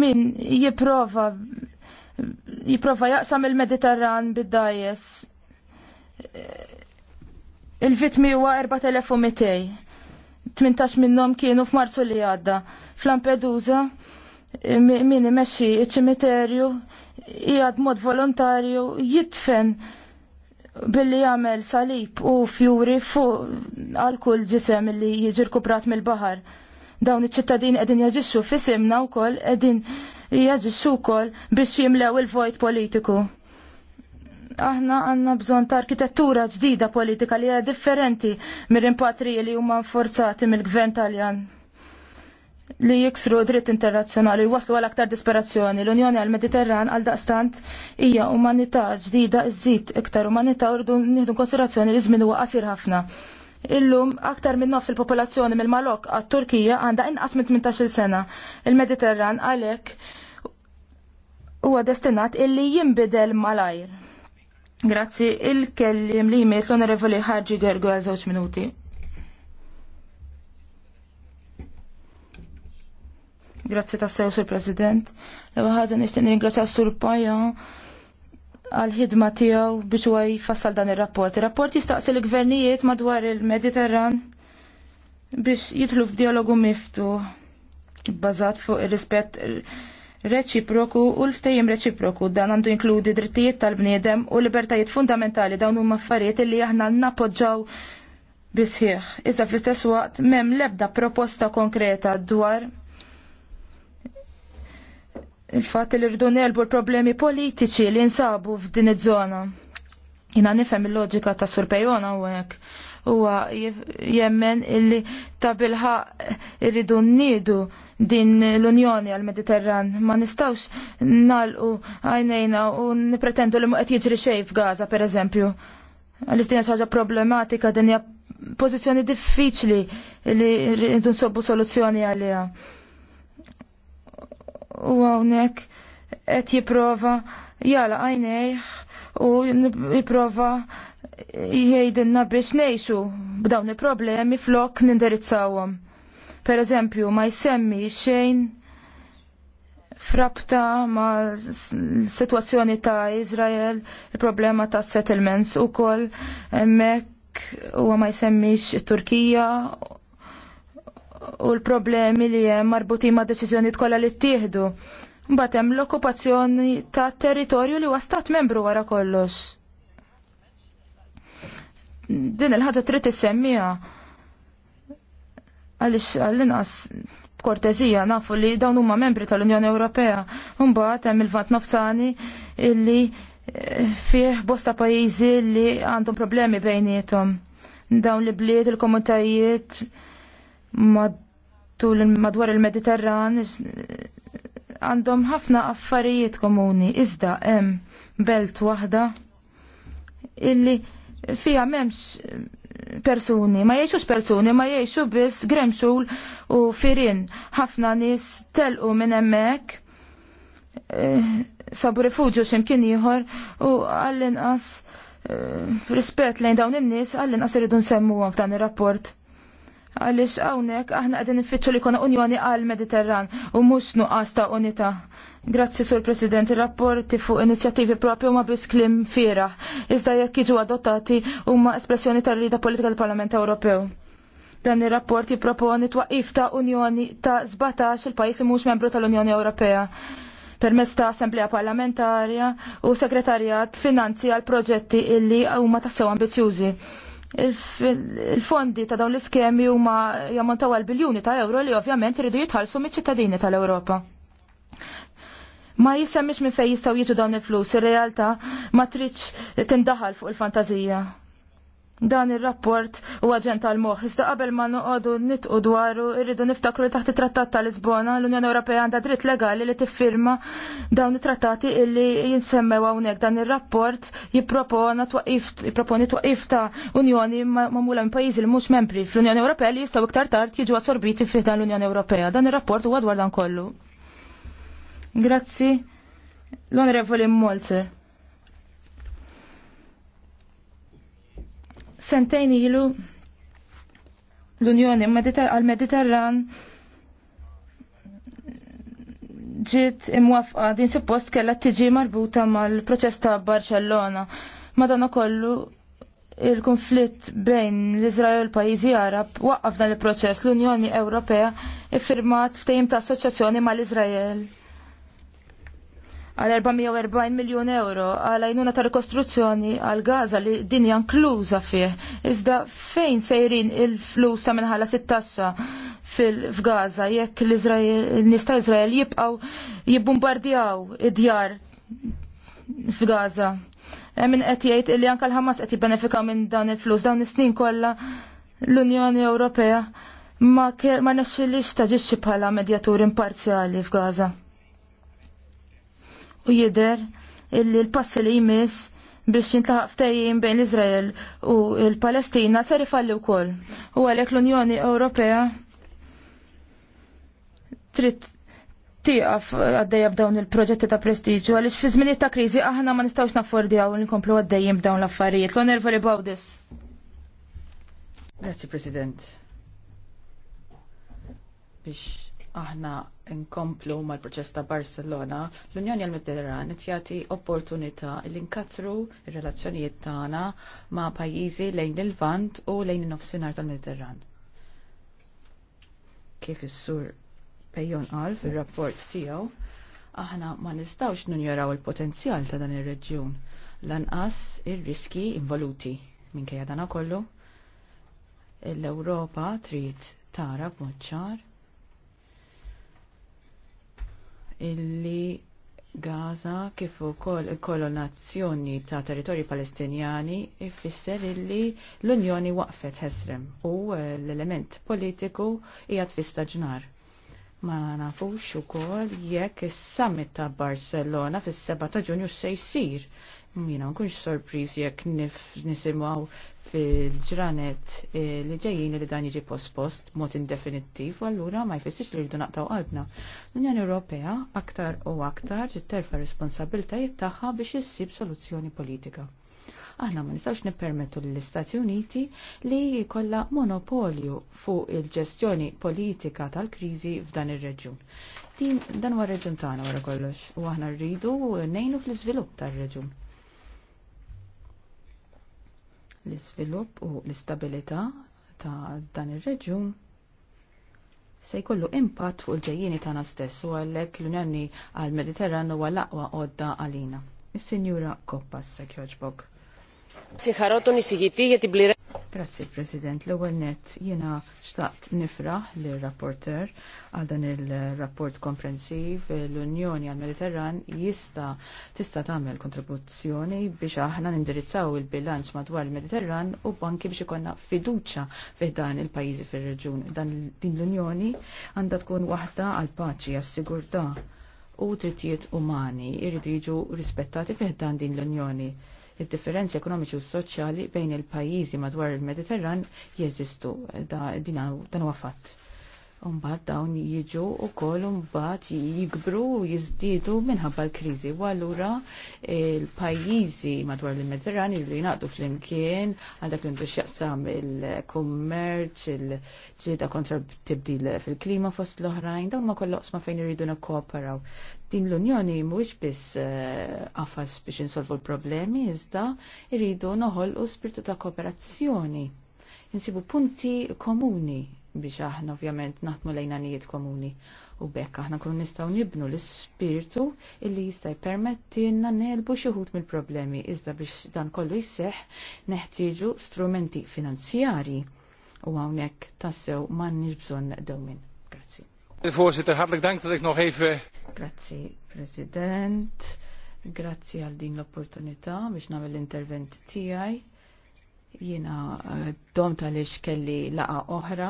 min jiprofa jiprofa jaqsam il-Mediterran bid-dajes. Il-vitmi huwa 4200. 18 minnhom kienu f'Marzu li għadda. Flampedusa min imexxi iċ-ċimiterju jgħad mod volontarju jitfen billi jagħmel salib u fjuri fuq għal kull ġisem li jiġi rkuprat mill-baħar. Dawn iċ ċittadin qegħdin jaġixxu fisimna wkoll qegħdin jaġixxu wkoll biex jimlew il-vojt politiku aħna għanna bżon ta' arkitettura ġdida politika li hija differenti mir-impatri li huma forzati mill-gvern Taljan li jiksru dritt internazzjonali u waslu għal aktar disperazzjoni. L-Unjoni għal Mediterran għal daqstant hija umanità ġdida iżid iktar umanità urdu nieħdu konsiderazzjoni li żmien huwa qasir ħafna. Illum aktar minn nofs il-popolazzjoni mill-Malok għat-Turkija għandha inqas minn 18-il sena. Il-Mediterran għalhekk huwa destinat illi jinbidel malajr. Grazzi, il-kellim li jmiss l-onorevoli ħarġi Gergo għal żewġ minuti. Grazzi ta' sew sur President. Lewa ewwel ħaġa nixtieq nirringrazzja sur Paja għal-ħidma tiegħu biex huwa jfassal dan ir-rapport. Ir-rapport jistaqsi l-gvernijiet madwar il-Mediterran biex jidħlu f'dialogu miftuħ bbażat fuq ir-rispett reċiproku u l-ftejjem reċiproku dan għandu inkludi drittijiet tal-bniedem u libertajiet fundamentali dawn huma affarijiet li aħna nappoġġaw bisħieħ. Iżda fl-istess waqt m'hemm l-ebda proposta konkreta dwar il-fatt li rridu nelbu l-problemi politiċi li nsabu f'din iż-żona. Jina nifhem il-loġika ta' surpejona u hekk, huwa jemmen illi ta' bilħaq irridu nniedu din l-Unjoni għal-Mediterran. Ma nistawx nalqu għajnejna u nipretendu li muqet jiġri xej f'Gaza, per eżempju. Għalix istina xaġa problematika din hija pożizzjoni diffiċli li rridu nsobbu soluzzjoni għaliha. U hawnhekk qed jipprova jala għajnejh u jipprova jgħidilna biex nejxu b'dawn il-problemi flok nindirizzawhom. Per eżempju, ma jsemmi xejn frabta ma situazzjoni ta' Izrael, il-problema ta' settlements u koll, emmek u ma jsemmix Turkija u l-problemi li hemm marbuti ma' deċizjoni kollha li ttieħdu. Mbagħad hemm l-okkupazzjoni ta' territorju li huwa stat membru wara kollox din il-ħaġa trid issemmiha għaliex għall-inqas b'kortezija nafu li dawn huma membri tal-Unjoni Ewropea. Mbagħad hemm il-vant nofsani illi eh, fih bosta pajjiżi li għandhom problemi bejnietom. Dawn li bliet il-komunitajiet madwar il-Mediterran għandhom ħafna affarijiet komuni iżda hemm belt waħda illi fija memx eh, persuni, ma jiexux persuni, ma jiexu biss gremxul u firin. ħafna nis telqu minn emmek, eh, sabu rifugju ximkien ieħor u għall-inqas eh, rispet lejn dawn in-nies għall-inqas semmu nsemmuhom f'dan ir-rapport. Għaliex hawnhekk aħna qegħdin nfittxu li jkun unjoni għall-Mediterran u mhux nuqqas ta' unità. Grazzi sur President, il-rapporti fuq inizjattivi propju ma biss klim fira, iżda jekk jiġu adottati huma espressjoni tar rida politika tal-Parlament Ewropew. Dan ir-rapport jipproponi twaqif ta' Unjoni ta' 17 il-pajjiż mhux membru tal-Unjoni Ewropea permezz ta' Assemblea Parlamentarja u Segretarjat Finanzi għal proġetti illi huma tassew ambizjużi il-fondi ta' dawn l-iskemi huma jammontaw għal biljuni ta' euro li ovvjament iridu jitħallsu miċ-ċittadini tal-Ewropa ma jisemmix minn fej jistaw jitu dawn il-flus, ir-realtà ma tridx tindaħal fuq il-fantazija. Dan ir-rapport u għagġen tal-moħ, iżda qabel ma noqogħdu nitqu dwaru, irridu niftakru li taħt it-Trattat tal-Lisbona, l-Unjoni Ewropea għandha dritt legali li tiffirma dawn it-trattati illi jinsemmew hawnhekk. Dan ir-rapport jippropona twaqif jipproponi twaqif ta' Unjoni magħmula minn pajjiżi li mhux membri fl-Unjoni Ewropea li jistgħu iktar tard jiġu assorbiti fih dan l-Unjoni Ewropea. Dan ir-rapport huwa dwar dan kollu. Grazzi. L-Onorevoli Molzer. Sentejn ilu l-Unjoni għal-Mediterran ġiet imwafqa din suppost kellha tiġi marbuta mal-proċess ta' Barcellona. Madonna kollu il-konflitt bejn l-Izrael u l-pajjiżi Arab waqqaf dan il-proċess l-Unjoni Ewropea iffirmat ftehim ta' assoċjazzjoni mal-Izrael għal 440 miljon euro għal għajnuna ta' rikostruzzjoni għal Gaza li din jankluża fih. Iżda fejn sejrin il-flus ta' minnħala sit-tassa fil-Gaza jekk l-nista Izrael jibqaw jibbombardjaw id-djar f'Gaza. Min qed jgħid li anke l-Ħamas qed jibbenefikaw minn dan il-flus dawn is-snin kollha l-Unjoni Ewropea ma, ma nexxilix taġixxi bħala medjatur imparzjali f'Gaza u jider illi l-passi li jmiss biex jintlaħaq ftejjin bejn l-Izrael u l-Palestina ser ifalli wkoll. U għalhekk l-Unjoni Ewropea trid tieqaf għaddejja b'dawn il-proġetti ta' prestiġu għaliex fi żminijiet ta' kriżi aħna ma nistgħux naffordjaw li nkomplu għaddejjin b'dawn l-affarijiet. L-onerva li bawdis. Grazzi President. Biex aħna nkomplu mal-proċess ta' Barcelona, l-Unjoni għal-Mediterran jagħti opportunità li nkatru r-relazzjonijiet tagħna ma' pajjiżi lejn il-Vant u lejn in-nofsinhar tal-Mediterran. Kif is-sur Pejjon qal fir-rapport tiegħu, aħna ma nistgħux ninjoraw il-potenzjal ta' dan ir-reġjun lanqas ir-riski involuti minkejja dana kollu. L-Ewropa trid tara b'mod ċar illi Gaza kif ukoll il-kolonazzjoni ta' territorji palestinjani ifisser illi l-Unjoni waqfet ħesrem u l-element politiku hija fi Ma nafux ukoll jekk is-summit ta' Barcelona fis-7 ta' Ġunju se jsir Mina, kunx sorpriz jekk nisimgħu fil-ġranet eh, li ġejjin li dan jiġi post-post mod indefinittiv, u allura ma jfissix li rridu naqtaw qalbna. L-Unjoni Ewropea aktar u aktar terfa' responsabiltajiet tagħha biex issib soluzzjoni politika. Aħna ma nistgħux nippermettu lill istati Uniti li jkollha monopolju fuq il-ġestjoni politika tal-kriżi f'dan ir-reġjun. Din dan huwa reġjun tagħna wara kollox u aħna rridu ngħinu fl-iżvilupp tar-reġjun L-iżvilupp u l-istabilità ta' dan ir-reġjun se jkollu impatt fuq il-ġejjieni tagħna stess u għalhekk l-Unjoni għall mediterran huwa l-aqwa għodda għalina. Is-Sinjura Koppas se jogħġbok. Siħaro jeti Grazie, President. L-ewel net, jena xtaqt nifraħ li rapporter għal dan il-rapport komprensiv l-Unjoni għal mediterran jista tista tagħmel kontribuzzjoni biex aħna nindirizzaw il-bilanċ madwar il-Mediterran u banki biex ikonna fiduċa fih dan il-pajjiżi fir-reġun. Dan din l-Unjoni għandha tkun waħda għal paċi għas-sigurtà u trittijiet umani jridu jiġu rispettati fih dan din l-Unjoni Id-differenzi ekonomiċi u soċjali bejn il-pajjiżi madwar il-Mediterran jeżistu da, dan huwa fatt. Umbat dawn jiġu u koll umbat jikbru u jizdidu minħabba l-krizi. U għallura il-pajizi madwar l-Mediterran li naqdu fl-imkien għandak l xaqsam il-kummerċ, il-ġida kontra tibdil fil-klima fost l-oħrajn, dawn ma kollox ma fejn irridu nakkooperaw. Din l-Unjoni mhux biss għafas eh, biex insolvu l-problemi, iżda irridu noħolqu spiritu ta' kooperazzjoni. Insibu punti komuni biex aħna ovvjament naħdmu lejna nijiet komuni u bekk aħna kun nistgħu nibnu l-ispirtu illi jista' jpermetti jpermettilna nelbu xi wħud mill-problemi iżda biex dan kollu jseħħ neħtieġu strumenti finanzjarji u hawnhekk tassew m'għandniex bżonn dewmin. Grazzi. dank dat ik nog even. Grazzi, President. Grazzi għal din l-opportunità biex nagħmel l-intervent tiegħi. Jina eh, dom tal-ix kelli laqa oħra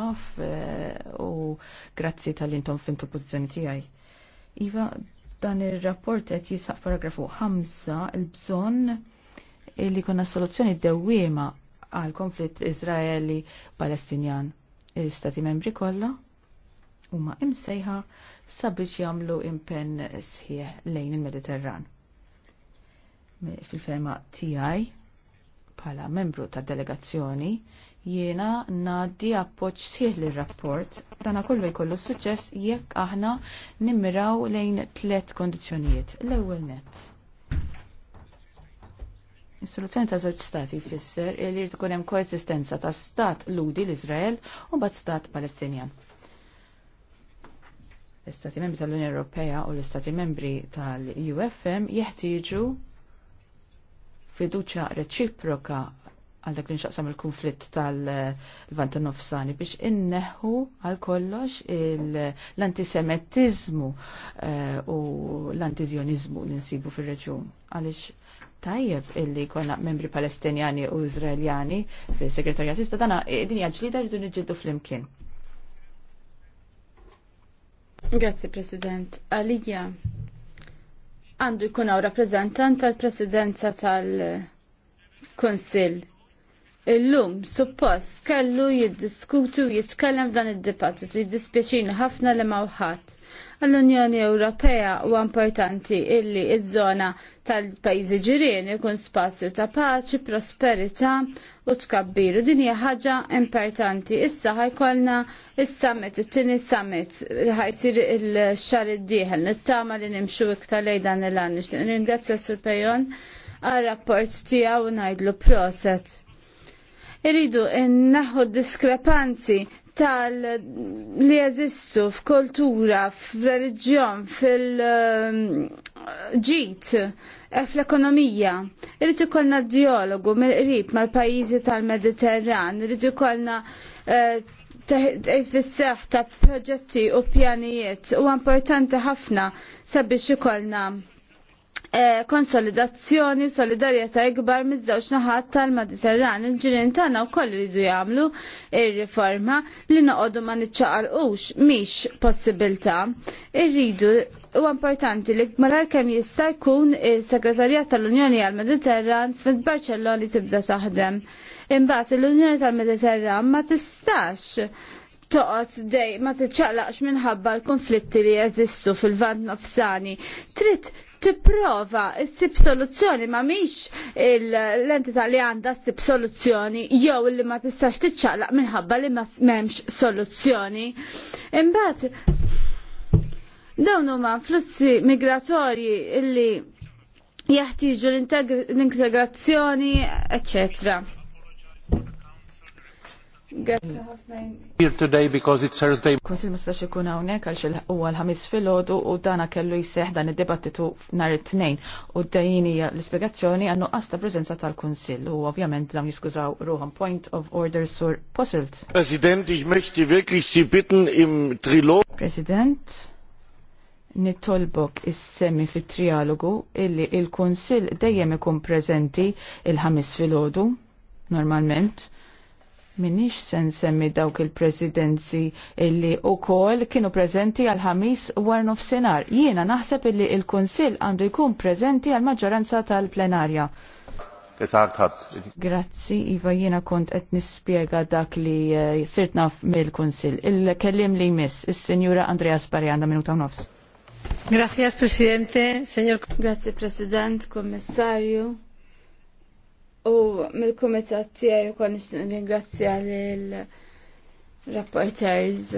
eh, u grazzi tal-intom fintu pozizjoni tijaj. Iva, dan il-rapport qed jisaq paragrafu 5 il-bżonn li konna soluzzjoni dewwiema għal konflitt Izraeli Palestinjan. Il-Stati membri kollha huma imsejħa sabiex jagħmlu impenn sħiħ lejn il-Mediterran. Fil-fema tiegħi Bħala membru tad delegazzjoni jiena ngħaddi appoġġ sħiħ li rapport dana kollu jkollu suċċess jekk aħna nimmiraw lejn tliet kondizjonijiet. L-ewwel nett. Is-soluzzjoni ta' żewġ stati jfisser li jrid ikun hemm koesistenza ta' stat ludi l-Iżrael u bad stat Palestinjan. L-Istati membri tal-Unjoni Ewropea u l-Istati membri tal-UFM jeħtieġu fiduċa reċiproka għal dak li nxaqsam il-konflitt tal-Vanta Nofsani biex inneħu għal kollox l-antisemitizmu eh, u l-antizjonizmu li nsibu fil-reġun. Għalix tajjeb illi konna membri palestinjani u izraeljani fil segretarja ista dana eh, din ġlida rridu nġildu fl-imkien. Grazie President. Għalija, għandu jkun hawn rappreżentant tal-Presidenza tal konsil illum suppost kellu jiddiskutu jitkellem f'dan id-dibattitu jiddispjaċini ħafna li mawħat. Għall-Unjoni Ewropea huwa importanti illi iż-żona tal-pajjiżi ġirien ikun spazju ta' paċi, prosperità u tkabbiru. Din hija ħaġa importanti. Issa ħajkolna is-summit, it-tieni summit ħajsir il-xar id-dieħel nittama li nimxu iktar lejn dan il-għan. Ringrazzja Sur Pejon għal rapport tiegħu u ngħidlu proset. Iridu naħu diskrepanzi tal li jeżistu f'kultura, f'reliġjon, fil-ġit, um, eh, fl-ekonomija. Irrid ikollna dialogu mill-qrib mal-pajjiżi tal-Mediterran, irrid kolna eh, tgħid seħħ ta' proġetti u pjanijiet huwa importanti ħafna sabiex ikollna Eh, konsolidazzjoni u solidarjetà ikbar miż-żewġ naħat tal-Mediterran. Il-ġirien tagħna wkoll iridu jagħmlu ir-riforma li noqogħdu ma niċċaqalqux mhix possibilità. Irridu u importanti li malar kemm jista' jkun is-Segretarjat tal-Unjoni għal-Mediterran fil-Barċelloni tibda taħdem. Imbagħad l-Unjoni tal-Mediterran ma tistax toqgħod dej ma tiċċaqlaqx minħabba l-konflitti li jeżistu fil-vant nofsani. Trid tipprova ssib soluzzjoni ma miex l-entità li għandha ssib soluzzjoni jew li ma tistax tiċċaqlaq minħabba li ma m'hemmx soluzzjoni. Imbagħad dawn huma flussi migratorji li jeħtieġu l-integrazzjoni, eccetera. Here today because it's Thursday. Konsil mistax ikun hawnhekk għal xil huwa l-ħamis filgħodu u dana kellu jseħħ dan id-dibattitu nhar it-tnejn u dejjin hija l-ispjegazzjoni għal nuqqas ta' preżenza tal-Kunsill u ovvjament dawn jiskużaw ruħan point of order sur Posselt. President, ich möchte wirklich Sie bitten im Trilog. President, nittolbok is-semmi fit-trialogu illi il-Kunsill dejjem ikun preżenti il-ħamis filgħodu normalment Minix sen semmi dawk il-presidenzi illi u kol kienu prezenti għal ħamis of senar. Jiena naħseb illi il-Konsil għandu jkun prezenti għal maġġoranza tal-plenarja. Grazzi, Iva, jiena kont qed nispjega dak li eh, sirt naf mill-Konsil. Il-kellim li jmiss, il-Senjura Andreas Barjanda minuta nofs. Grazie, Presidente. Signor... Grazie, President, Kommissarju U mill-kumitat tiegħi wkoll nixtieq ringrazzja lil rapporters.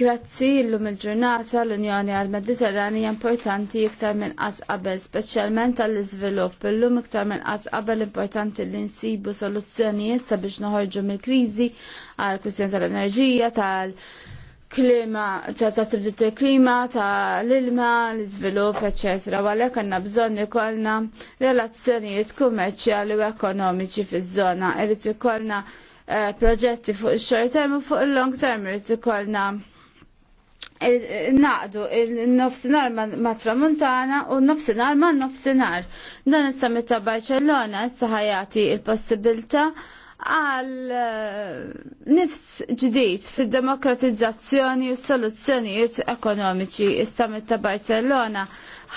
Grazzi llum il-ġurnata l-Unjoni għal mediterranija importanti iktar minn qatt qabel, speċjalment għall iżvilupp illum iktar minn qatt qabel importanti li nsibu soluzzjonijiet sabiex noħorġu mill-kriżi għal kwistjoni tal-enerġija, tal-, -enerġija, tal klima, ta' ta' tibdit klima ta' l-ilma, l-izvilup, ecc. Għalek għanna bżon ikolna relazzjonijiet kummerċjali u ekonomiċi fi zona Irrit ikolna eh, proġetti fuq il-short term u fuq il-long term, irrit ikolna eh, naqdu il-nofsinar ma' tramuntana u nofsinar ma' nofsinar. Dan is-summit ta' Barcellona issa ħajati il-possibilta' għal eh, nifs ġdid fid-demokratizzazzjoni u soluzzjonijiet ekonomiċi is-summit ta' Barcelona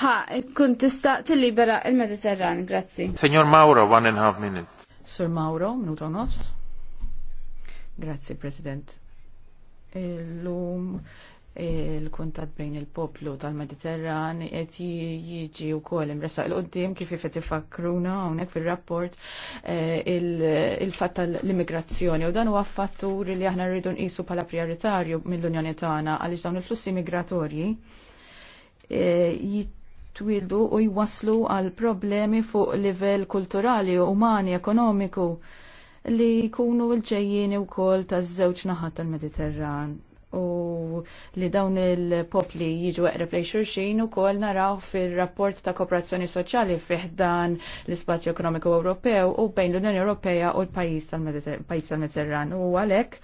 ħa kun tista' libera il-Mediterran. Grazzi. Senjor Mauro, one and a half minute. Sur Mauro, minuto nofs. Grazzi, President il-kuntat bejn il-poplu tal-Mediterran qed jiġi wkoll imresa il-qoddim kif ifet ifakruna hawnhekk fir-rapport eh, il-fatt tal-immigrazzjoni u dan huwa fattur li aħna rridu nqisu bħala prioritarju mill-Unjoni tagħna għaliex dawn il-flussi migratorji eh, jitwildu u jwaslu għal problemi fuq livell kulturali, umani, ekonomiku li jkunu l u wkoll taż-żewġ naħat tal-Mediterran u li dawn il-popli jiġu eqreb lej xurxin u kol naraw fil-rapport ta' kooperazzjoni soċjali fiħdan l-Ispazju Ekonomiku Ewropew u bejn l-Unjoni Ewropea u l-pajis tal-Mediterran. U għalek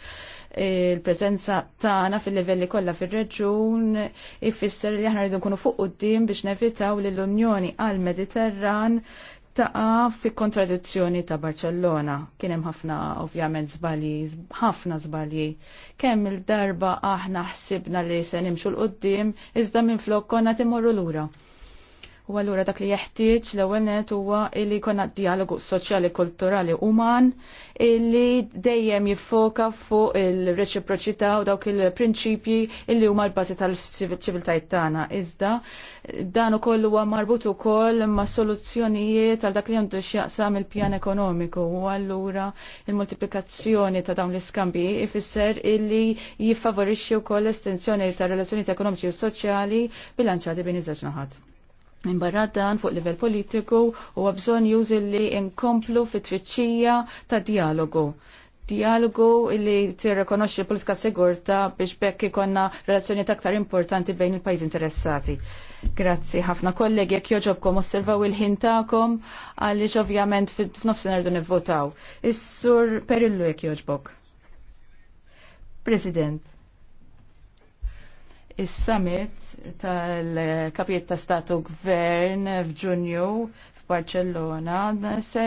il-prezenza tagħna fil-livelli kollha fir-reġun ifisser li aħna rridu nkunu fuq quddiem biex nevitaw li l-Unjoni għal-Mediterran taqa fi kontradizzjoni ta' Barcellona. Kien hemm ħafna ovvjament żbalji, ħafna żbalji. Kemm il-darba aħna ħsibna li se nimxu l-qoddim iżda minn flok konna timorru lura. U għallura dak li jeħtieġ l-ewwel net huwa li jkollna dialogu soċjali kulturali uman illi dejjem jiffoka fuq il-reċiproċità u dawk il-prinċipji illi huma l-bażi tal-ċiviltajt tagħna. Iżda dan ukoll huwa marbut ukoll ma' soluzzjonijiet għal dak li għandu x'jaqsam il-pjan ekonomiku u allura il-multiplikazzjoni ta' dawn l-iskambji ifisser illi jiffavorixxi wkoll l-estensjoni ta' relazzjonijiet ekonomiċi u soċjali bilanċati bejn iż-żewġ naħat. Imbarra dan fuq livell politiku u għabżon jużi li inkomplu fit tfittxija ta' dialogu. Dialogu li tirrekonoxxi politika sigurta biex bekk ikonna relazzjoni aktar importanti bejn il-pajjiż interessati. Grazzi ħafna kollegi jekk joġobkom osservaw il-ħin tagħkom għaliex ovvjament f'nofsinhar du nivvotaw. Is-sur Perillu jekk joġbok. President is-summit tal-kapijiet ta' statu gvern f'Ġunju f'Barcellona se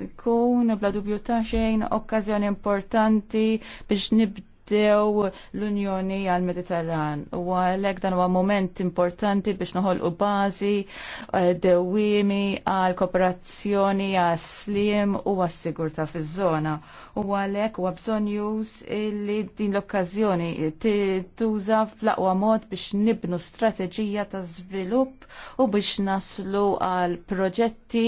tkun bla dubju ta' xejn okkażjoni importanti biex nibdew l-Unjoni għall mediterran u għalhekk dan huwa moment importanti biex u bażi eh, dewimi għal kooperazzjoni għas-slim u għas sigurta fiż-żona u għalhekk huwa bżonn li din l-okkażjoni tuża f'laqwa mod biex nibnu strateġija ta' svilupp u biex naslu għal proġetti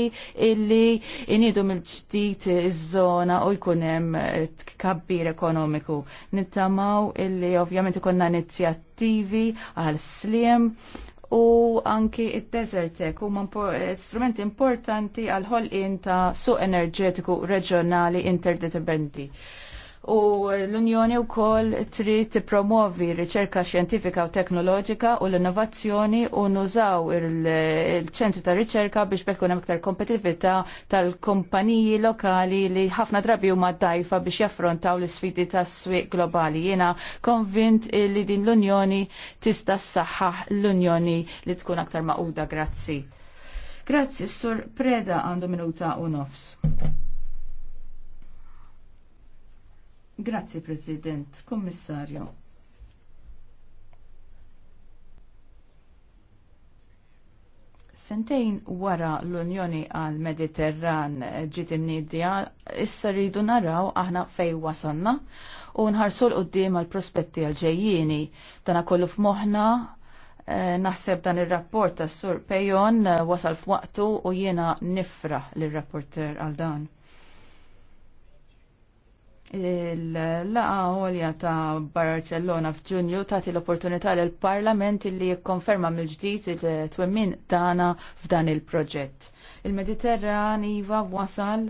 illi inidu mill-ġdid iż-żona u jkun hemm eh, tkabbir ekonomiku. Nittamaw illi ovvjament ikonna inizjattivi għal sliem u anki id-Desertec huma strumenti importanti għal ħolqien ta' suq enerġetiku reġjonali interdependenti u l-Unjoni wkoll trid tippromovi riċerka xjentifika u teknoloġika u l-innovazzjoni u nużaw il-ċentri ta' riċerka biex bekkun hemm iktar kompetitività tal-kumpaniji lokali li ħafna drabi huma dajfa biex jaffrontaw l-isfidi tas-swieq globali. Jiena konvint li din l-Unjoni tista' ssaħħaħ l-Unjoni li tkun aktar maquda. Grazzi. Grazzi, Sur Preda għandu minuta u nofs. Grazzi, President, Kommissarju. Sentejn wara l-Unjoni għal Mediterran ġiet imnidja, issa rridu naraw aħna fej wasanna u nħarsu l-qoddim għal prospetti għal ġejjini. Dana kollu f'moħna eh, naħseb dan ir-rapport tas Sur Pejon eh, wasal f'waqtu u jiena nifra lir rapporter għal dan. Il-laqa għolja ta' Barcellona f'Ġunju tagħti l-opportunità l-Parlament li jikkonferma mill-ġdid il-twemmin tagħna f'dan il-proġett. Il-Mediterran iva wasal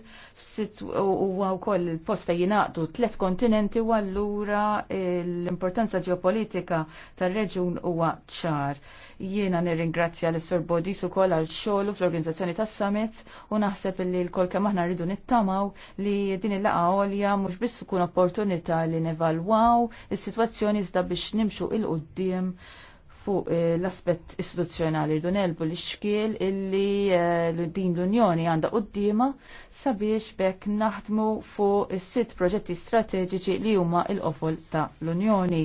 huwa wkoll il-post fejn jingħaqdu tliet kontinenti u allura l-importanza ġeopolitika tar-reġun huwa ċar. Jiena nirringrazzja l sur Bodis ukoll għal xogħlu fl-organizzazzjoni tas-summit u naħseb li l kemm aħna rridu nittamaw li din il-laqgħa għolja mhux biss tkun opportunità li nevalwaw is-sitwazzjoni iżda biex nimxu il-qudiem fuq eh, l-aspett istituzzjonali rridu nelbu l-xkiel illi eh, din l-Unjoni għandha qudiema sabiex bekk naħdmu fuq is-sitt proġetti strateġiċi li huma l-qofol ta' l-Unjoni.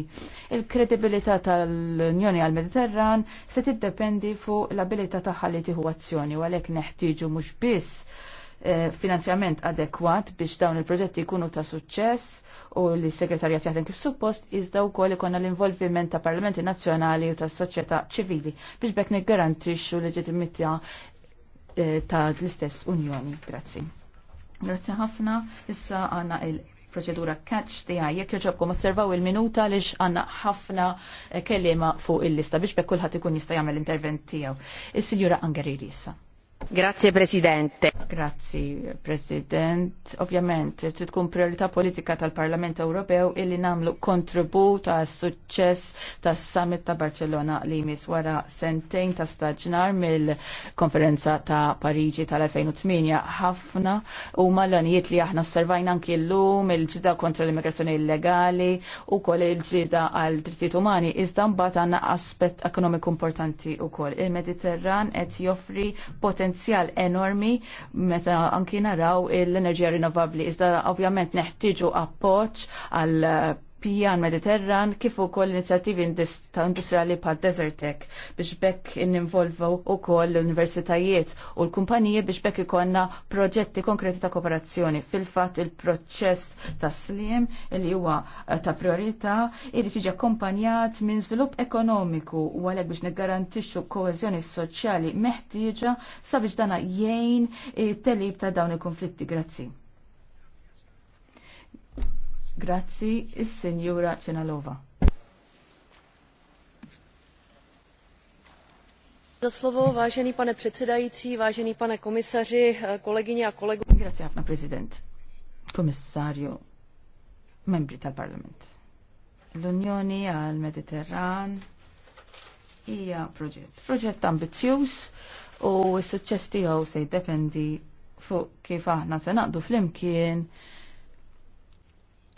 Il-kredibilità tal-Unjoni għal-Mediterran se tiddependi fuq l-abilità tagħha li tieħu azzjoni u għalhekk neħtieġu mhux biss eh, finanzjament adekwat biex dawn il-proġetti jkunu ta' suċċess u li segretarjat jaħdem kif suppost, iżda wkoll ikonna l-involviment ta' parlamenti nazzjonali u tas soċjetà ċivili biex bekk niggarantixxu leġitimitja eh, ta' l-istess Unjoni. Grazzi. Grazzi ħafna, issa għandna il- proċedura catch tiegħi jekk joġobkom osservaw il-minuta lix għandna ħafna eh, kelliema fuq il-lista biex bekk kulħadd ikun jista' jagħmel intervent tiegħu. Is-Sinjura Angerilisa. Grazie Presidente. Grazzi, President. Ovvjament, trid tkun priorità politika tal-Parlament Ewropew illi namlu kontribut għas suċċess tas summit ta' Barcellona li jmiss wara sentejn ta' staġnar mill-konferenza ta' Pariġi tal-2008. Ħafna u mal għanijiet li aħna osservajna anki llum il-ġida kontra l-immigrazzjoni illegali u kol il-ġida għal drittijiet umani iżda mbagħad għandna aspett ekonomiku importanti wkoll. Il-Mediterran qed joffri potenzjal enormi meta anki naraw l-enerġija rinnovabbli. Iżda ovvjament neħtieġu appoġġ għal pijan mediterran kif ukoll inizjattivi ta' industriali pa' Desertec biex bekk u ukoll l-universitajiet u l-kumpaniji biex bekk ikonna proġetti konkreti ta' kooperazzjoni. Fil-fatt il-proċess ta' slim li huwa eh, ta' priorità irid jiġi akkompanjat minn żvilupp ekonomiku u għalhekk biex niggarantixxu koeżjoni soċjali meħtieġa sabiex dana jgħin it-telib ta' dawn il-konflitti. Grazzi. Grazzi, is Signora Cenalova. Za slovo, vážený pane předsedající, vážený pane komisaři, kolegyně a kolegové. Grazie, pane prezident, komisario, membri tal-parlament. L-Unjoni mediterran hija proġett. Proġett ambizjuż u s-suċċess tiegħu se jiddependi fuq kif aħna se naqdu flimkien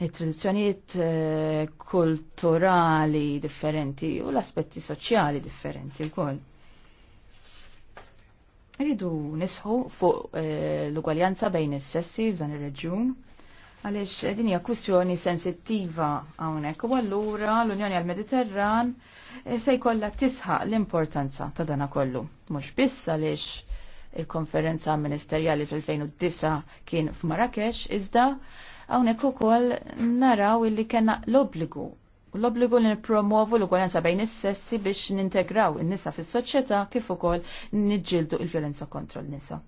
tradizzjonijiet eh, kulturali differenti u l-aspetti soċjali differenti wkoll. Rridu nisħu fuq eh, l-ugwaljanza bejn is-sessi f'dan ir-reġjun għaliex din hija kwistjoni sensittiva hawnhekk u allura l-Unjoni għal-Mediterran eh, se jkollha tisħaq l-importanza ta' dana kollu. Mhux biss għaliex il-konferenza ministerjali fil-2009 kien f'Marrakesh iżda Hawnhekk ukoll naraw illi kena l-obbligu l-obbligu li promovu l-ugwalenza bejn is-sessi biex nintegraw in-nisa fis-soċjetà kif ukoll niġġieldu il-vjolenza kontra l-nisa.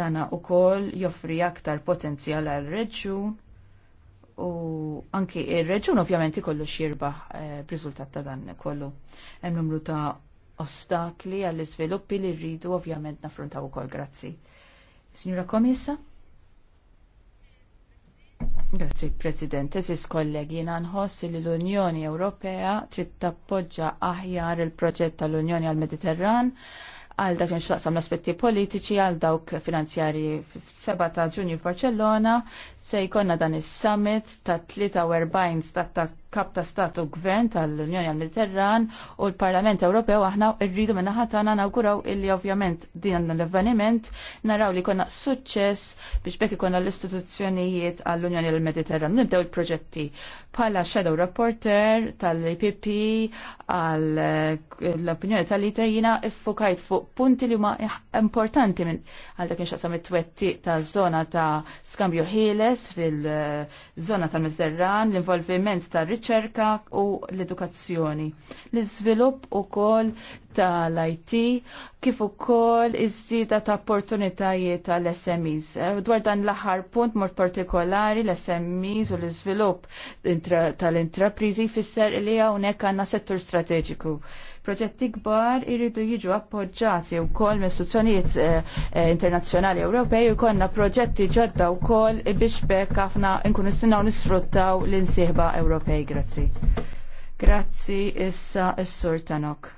Dana kol joffri aktar potenzjal għal reġu u anki ir-reġjun ovvjament ikollu xirba eh, b'riżultat ta' dan kollu. Hemm numru ta' ostakli għall-iżviluppi li rridu ovvjament naffrontaw ukoll grazzi. Signora Komissa? Grazzi President, eżis kollegi, jina nħoss li l-Unjoni Ewropea trid tappoġġa aħjar il-proġett tal-Unjoni għal-Mediterran għal dak xlaqsam l-aspetti politiċi għal dawk finanzjari 7 ta' ġunju f'Barcellona se jkollna dan is-summit ta' 43 stat ta' kap ta' Stat u gvern tal-Unjoni għal-Mediterran u l-Parlament Ewropew aħna rridu minna ħatana nawguraw illi ovvjament din l-avveniment naraw li konna suċċess biex bekk konna l-istituzzjonijiet għall-Unjoni għal-Mediterran. Nibdew il-proġetti bħala Shadow Reporter tal-IPP għall-opinjoni tal-liter iffukajt fuq punti li huma importanti minn għal dak nxaqsam it-twetti ta' zona ta' skambju ħieles fil-zona eh, tal-Mediterran, l-involviment tal riċerka u l-edukazzjoni. L-iżvilupp ukoll tal-IT kif ukoll iż-żieda ta' opportunitajiet tal-SMEs. Eh, dwar dan l-aħħar punt mod partikolari l-SMEs u l-iżvilupp tal-intrapriżi fisser li hawnhekk għandna settur strateġiku Proġetti kbar irridu jiġu appoġġati wkoll minn mistuzzjoniet eh, eh, internazzjonali Ewropej u konna proġetti ġodda wkoll biex bekk għafna nkunu nistgħu nisfruttaw l-insieħba Ewropej. Grazzi. Grazzi issa s-sur Tanok.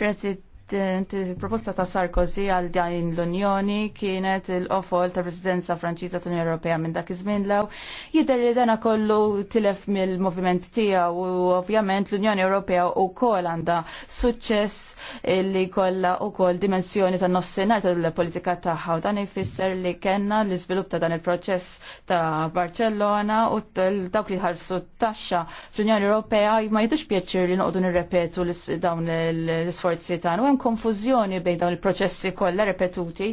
President proposta ta' Sarkozy għal din l-Unjoni kienet il-qofol ta' Presidenza Franċiża tal Ewropea minn dak iż-żmien lew jidher li dana kollu tilef mill-moviment tiegħu u ovvjament l-Unjoni Ewropea wkoll għandha suċċess li kollha wkoll dimensjoni ta' nofsinhar tal-politika tagħha u dan ifisser li kellna l-iżvilupp ta' dan il-proċess ta' Barcellona u dawk li ħarsu taxxa fl-Unjoni Ewropea ma jidux pjaċir li noqogħdu nirrepetu dawn l-isforzi tagħna hemm konfużjoni bejn dawn il-proċessi kollha repetuti.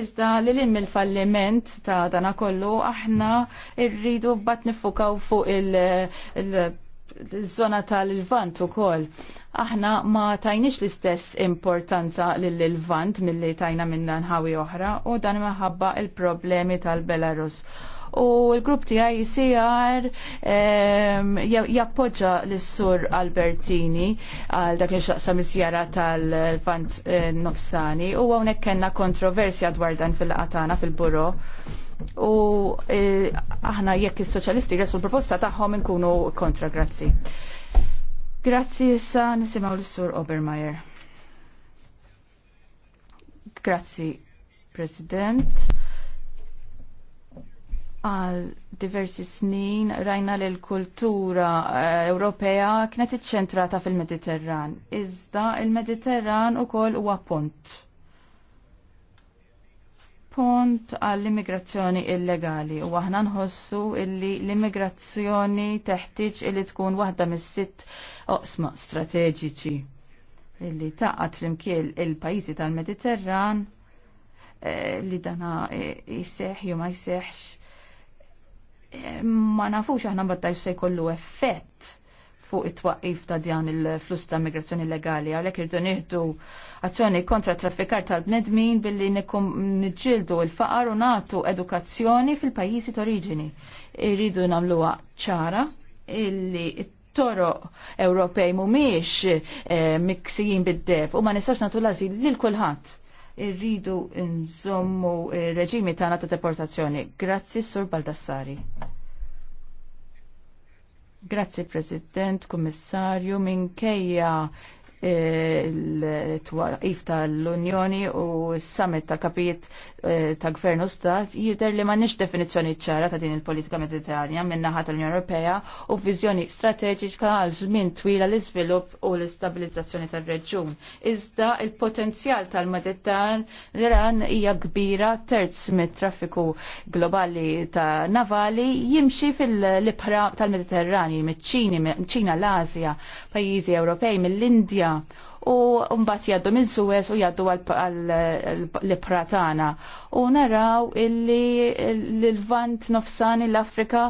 Iżda li l mill-falliment ta' dana kollu aħna rridu bat nifukaw fuq il-zona tal vant u kol. Aħna ma tajnix l-istess importanza l vant mill-li tajna minna nħawi oħra u dan maħabba il-problemi tal-Belarus u l-grupp tiegħi jisir ehm, jappoġġa lis-sur Albertini għal dak il-xaqsa tal-Vant eh, Nofsani u hawnhekk kellna kontroversja dwar dan fil-qatana fil-buro. U eh, aħna jekk is-soċjalisti resu l-proposta tagħhom nkunu kontra, grazzi. Grazzi issa nisimgħu lis-sur Obermeyer. Grazzi, President għal diversi snin rajna li l-kultura eh, Ewropea kienet iċċentrata fil-Mediterran. Iżda il-Mediterran ukoll huwa pont. Pont għall-immigrazzjoni illegali u aħna nħossu illi l-immigrazzjoni teħtieġ illi tkun waħda mis-sitt oqsma strateġiċi illi taqat flimkien il-pajjiżi tal-Mediterran eh, li dana eh, jisseħ jew ma jisseħx ma nafux aħna battajx se jkollu effett fuq it-twaqif ta' dan il-flus ta' migrazzjoni legali, għalhekk irdu nieħdu azzjoni kontra traffikar tal-bnedmin billi niġġieldu il-faqar u nagħtu edukazzjoni fil-pajjiżi t-oriġini. Irridu nagħmluha ċara illi toro Ewropej mhumiex eh, miksijin bid-deb u ma nistax nagħtu l-azil lil kulħadd irridu nżommu reġimi tagħna ta' deportazzjoni. Grazzi Sur Baldassari. Grazzi President, Kummissarju, minkejja il-twaqif tal-Unjoni u s-summit ta' kapijiet eh, ta' gvern u stat jider li ma' nix definizjoni ċara ta' din il-politika mediterranja ħat tal-Unjoni Ewropea u vizjoni strateġika għal żmien twila l-iżvilupp u l-istabilizzazzjoni tal-reġjun. Iżda il-potenzjal tal-Mediterran iran hija kbira terz mit-traffiku globali ta' navali jimxi fil-libħra tal-Mediterrani, mit-ċini, ċina l-Azja, pajjiżi Ewropej, mill-Indja, u mbagħad jgħaddu minn Suez u jgħaddu għall-Pratana. U naraw illi l-Vant nofsani l-Afrika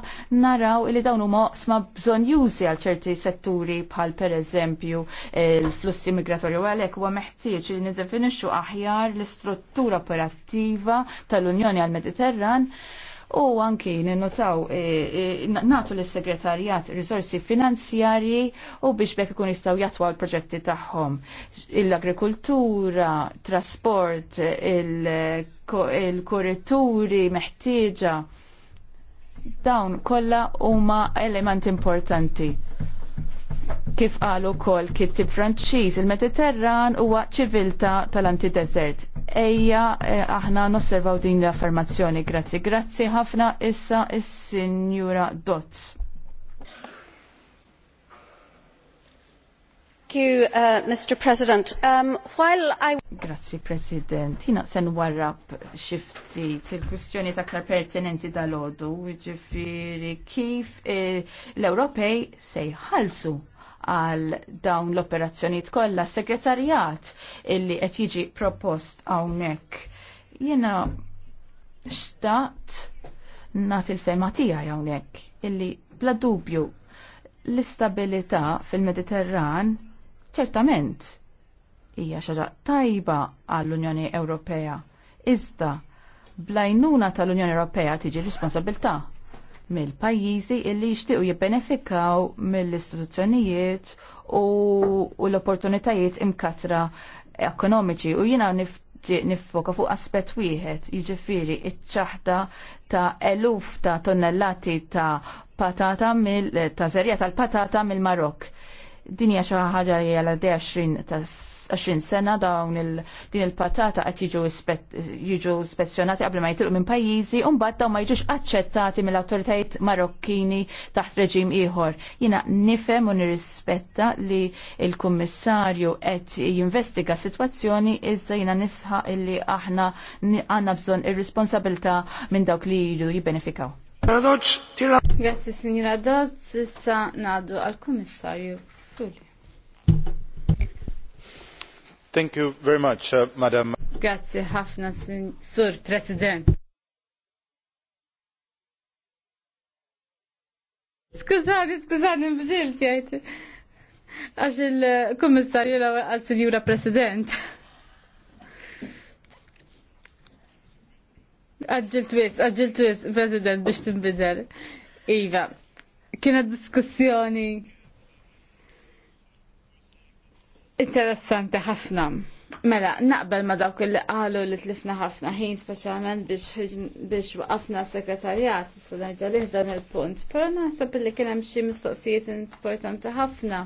naraw illi dawn huma sma bżonn jużi għal ċerti setturi bħal pereżempju l-flussi migratorju għalhekk huwa meħtieġ li niddefinixxu aħjar l-istruttura operattiva tal-Unjoni għall-Mediterran u anki ninnotaw e, e, natu l-segretarjat risorsi finanzjarji u biex bekk ikun jistgħu jatwa l-proġetti tagħhom. L-agrikultura, trasport, il kurituri meħtieġa dawn kollha huma elementi importanti. Kif qalu kol kittib Franċiż, il-Mediterran huwa ċiviltà tal-antidesert. Ejja, eh, aħna nosservaw din l-affermazzjoni, grazzi. Grazzi ħafna issa is-Sinjura Dotz. You, uh, Mr. President. Um, while I... Grazie, President. Tina, sen warrab xifti til-kwistjoni taktar pertinenti dal-ħodu, ġifiri kif eh, l-Ewropej sej jħalsu għal dawn l-operazzjonijiet kollha segretarjat illi qed jiġi propost hawnhekk. Jiena xtaqt nagħti il-fema tiegħi hawnhekk illi bla dubju l-istabilità fil-Mediterran ċertament hija xi ħaġa tajba għall-Unjoni Ewropea. Iżda blajnuna tal-Unjoni Ewropea tiġi responsabilità mill-pajjiżi illi jixtiequ jibbenefikaw mill-istituzzjonijiet u, l-opportunitajiet imkatra ekonomiċi u jiena nifoka fuq aspett wieħed, jiġifieri iċ-ċaħda ta' eluf ta' tonnellati ta' patata mill ta' zerja tal-patata mill-Marok. Dinja xi ħaġa li għal 20 ta' 20 sena dawn il din il-patata qed jiġu spezzjonati qabel ma jitilqu minn pajjiżi u mbagħad dawn ma jiġux aċċettati mill-awtoritajiet Marokkini taħt reġim ieħor. Jiena nifhem u nirrispetta li l-Kummissarju qed jinvestiga sitwazzjoni iżda jiena nisħa illi aħna għandna bżonn ir-responsabilità minn dawk li jiġu jibbenefikaw. Grazie signora Dodds, issa nadu għal-Kummissarju Fulli. Thank you very much, uh, Madam. Grazie ħafna, Sur President. Skużani, skużani, mbdilt jajt. Għax il-Kummissarju għal Sinjura President. Għagġil twis, għagġil twis, President, biex timbidel. Iva, Kiena diskussjoni Interessanti ħafna. Mela, naqbel ma dawk li qalu li tlifna ħafna ħin speċjalment biex biex waqafna segretarjat issa nerġa' lih dan il-punt, però naħseb li kien hemm xi mistoqsijiet importanti ħafna.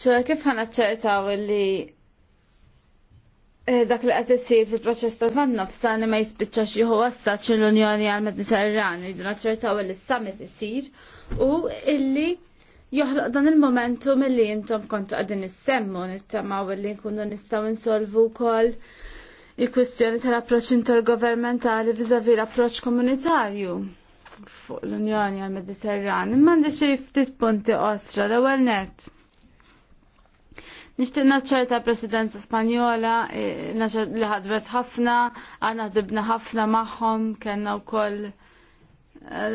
ċe kif ċertaw li eh, dak li qed isir fil-proċess ta' vanna f'sani ma jispiċċax jieħu wasta l-Unjoni għal-Mediterran, jridu naċċertaw li s-summit isir u illi joħloq dan il-momentum li jintom kontu għadin nissemmu nittamaw li nkunu nistaw insolvu kol il kwestjoni tal-approċ intergovernmentali vizavi l-approċ komunitarju fuq l-Unjoni għal-Mediterran. li xie ftit punti ostra l ewwel net. Nishtiq ta' presidenza Spanjola eh, li ħadbet ħafna, għana dibna ħafna maħħom, kena u koll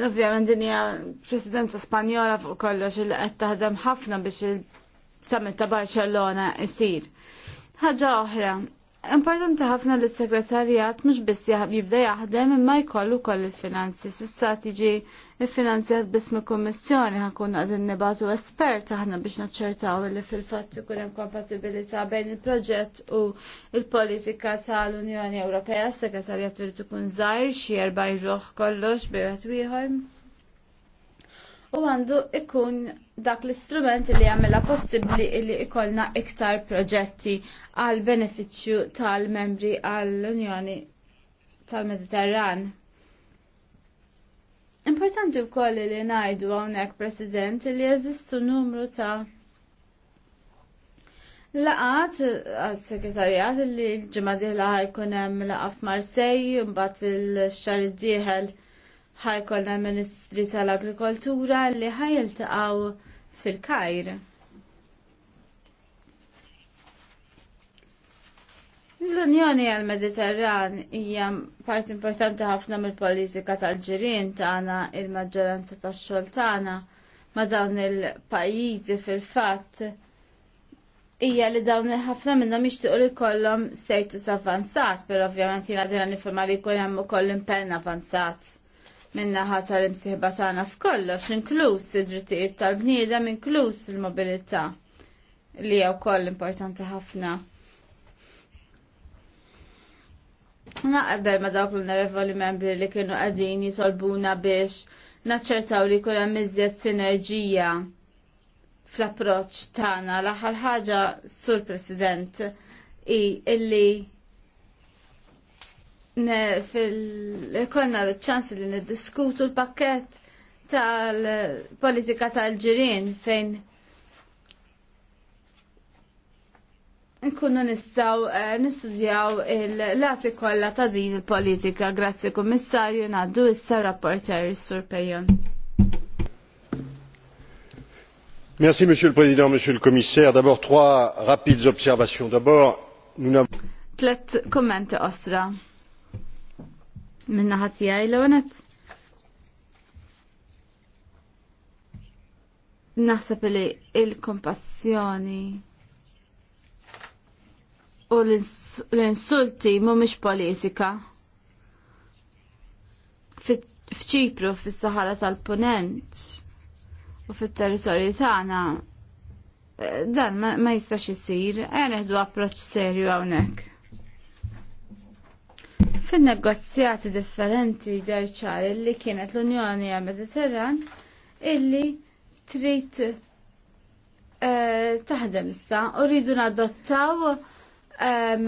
Ovvjament din hija presidenza Spanjola fuq kollox li qed taħdem ħafna biex il-summit ta' Barcellona isir. Ħaġa oħra, Importanti ħafna li s-segretarjat mhux biss jibda jaħdem imma jkollu koll il-finanzi. Sissa tiġi il-finanzjat biss mill kummissjoni ħankun għadin nibatu espert aħna biex naċċertaw li fil-fatt ikun hemm kompatibilità bejn il-proġett u il-politika tal-Unjoni Ewropea. Segretarjat irid ikun żgħir xie erba' jruħ kollox bi wieħed U għandu ikun dak l-istrument li għamela possibli li ikolna iktar proġetti għal beneficju tal-membri għall-Unjoni tal-Mediterran. Importanti u koll li najdu għonek, President, li jazistu numru ta' Laqat għal sekretarjat li l ħajkun hemm laqaf f'Marsej, mbagħad il-xar ħajkolna ministri tal-agrikoltura li ħajiltaqgħu fil-kajr. L-Unjoni għal mediterran hija parti importanti ħafna mill-politika tal-ġirien tagħna il-maġġoranza tax-xogħol tagħna ma dawn il-pajjiżi fil-fatt hija li dawn ħafna minnhom jixtiequ li jkollhom status avanzat, però ovvjament jiena dina nifhimha li jkun hemm ukoll impenn avanzat minnaħa tal-imsieħba tagħna f'kollox, inkluż id-drittijiet tal-bniedem, inkluż il-mobilità li hija wkoll importanti ħafna. Naqbel ma dawk l-onorevoli membri li kienu qegħdin jitolbuna biex naċċertaw li jkun hemm iżjed sinerġija fl-approċċ tagħna l-aħħar ħaġa sur President i illi fil-konna l-ċans li niddiskutu l-pakket tal-politika tal-ġirien fejn nkunu nistaw eh, nistudjaw il-lati kolla ta' din il-politika. Grazzi kummissarju naddu issa rapporter sur Pejon. Merci Monsieur le Président, Monsieur le Commissaire. D'abord trois rapides observations. D'abord, nous n'avons. Tlet kommenti osra minna ħatijaj l-għonet. Naħseb li il-kompassjoni u l-insulti mumiex politika. F'ċipru, fis-Sahara tal punent u fit-territorju tagħna eh, dan ma jistax isir, għan approċċ serju hawnhekk. Fin-negozjati differenti derċar li kienet l-Unjoni għal Mediterran illi trid eh, taħdem sa u rridu nadottaw ehm,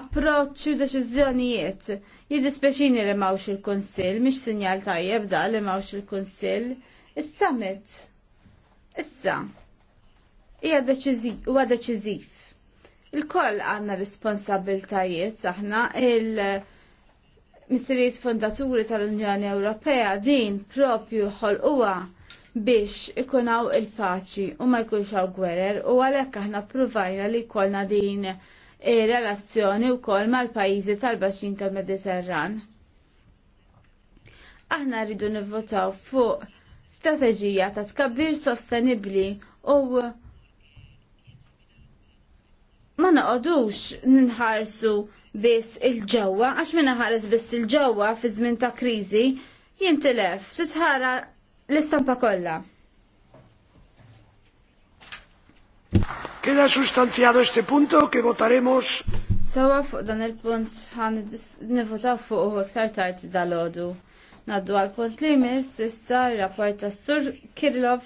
approċċ u deċiżjonijiet. Jiddispeċini li mawx il-Konsil, mhix sinjal tajjeb da li mawx il-Konsil. Is-summit. Issa. Hija deċiżiv. Il-koll għanna responsabiltajiet aħna il- Mistirijiet fondaturi tal-Unjoni Ewropea din propju ħolquwa biex ikunaw il-paċi u ma jkunx għaw gwerer u għalhekk aħna provajna li jkollna din relazzjoni wkoll mal-pajjiżi tal-Baxin tal-Mediterran. Aħna rridu nivvotaw fuq strateġija ta' tkabbir sostenibbli u ma noqodux ninħarsu biss il-ġewwa għax minna ħares biss il-ġewwa fi żmien ta' kriżi jintilef titħara l-istampa kollha. Queda sustanciado este punto que votaremos. Sawa fuq dan il-punt ħan nivotaw fuq iktar tard dal-ħodu. Naddu għal-punt li mis issa r-rapport tas Sur Kirlov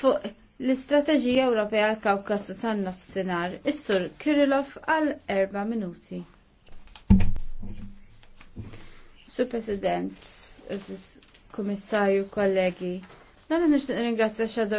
fuq l-Istrateġija Ewropea għal kawkasu tan-nofsinhar, is-Sur Kirillov għal erba' minuti. Sur President, Kummissarju, kollegi, dan nixtieq ringrazzja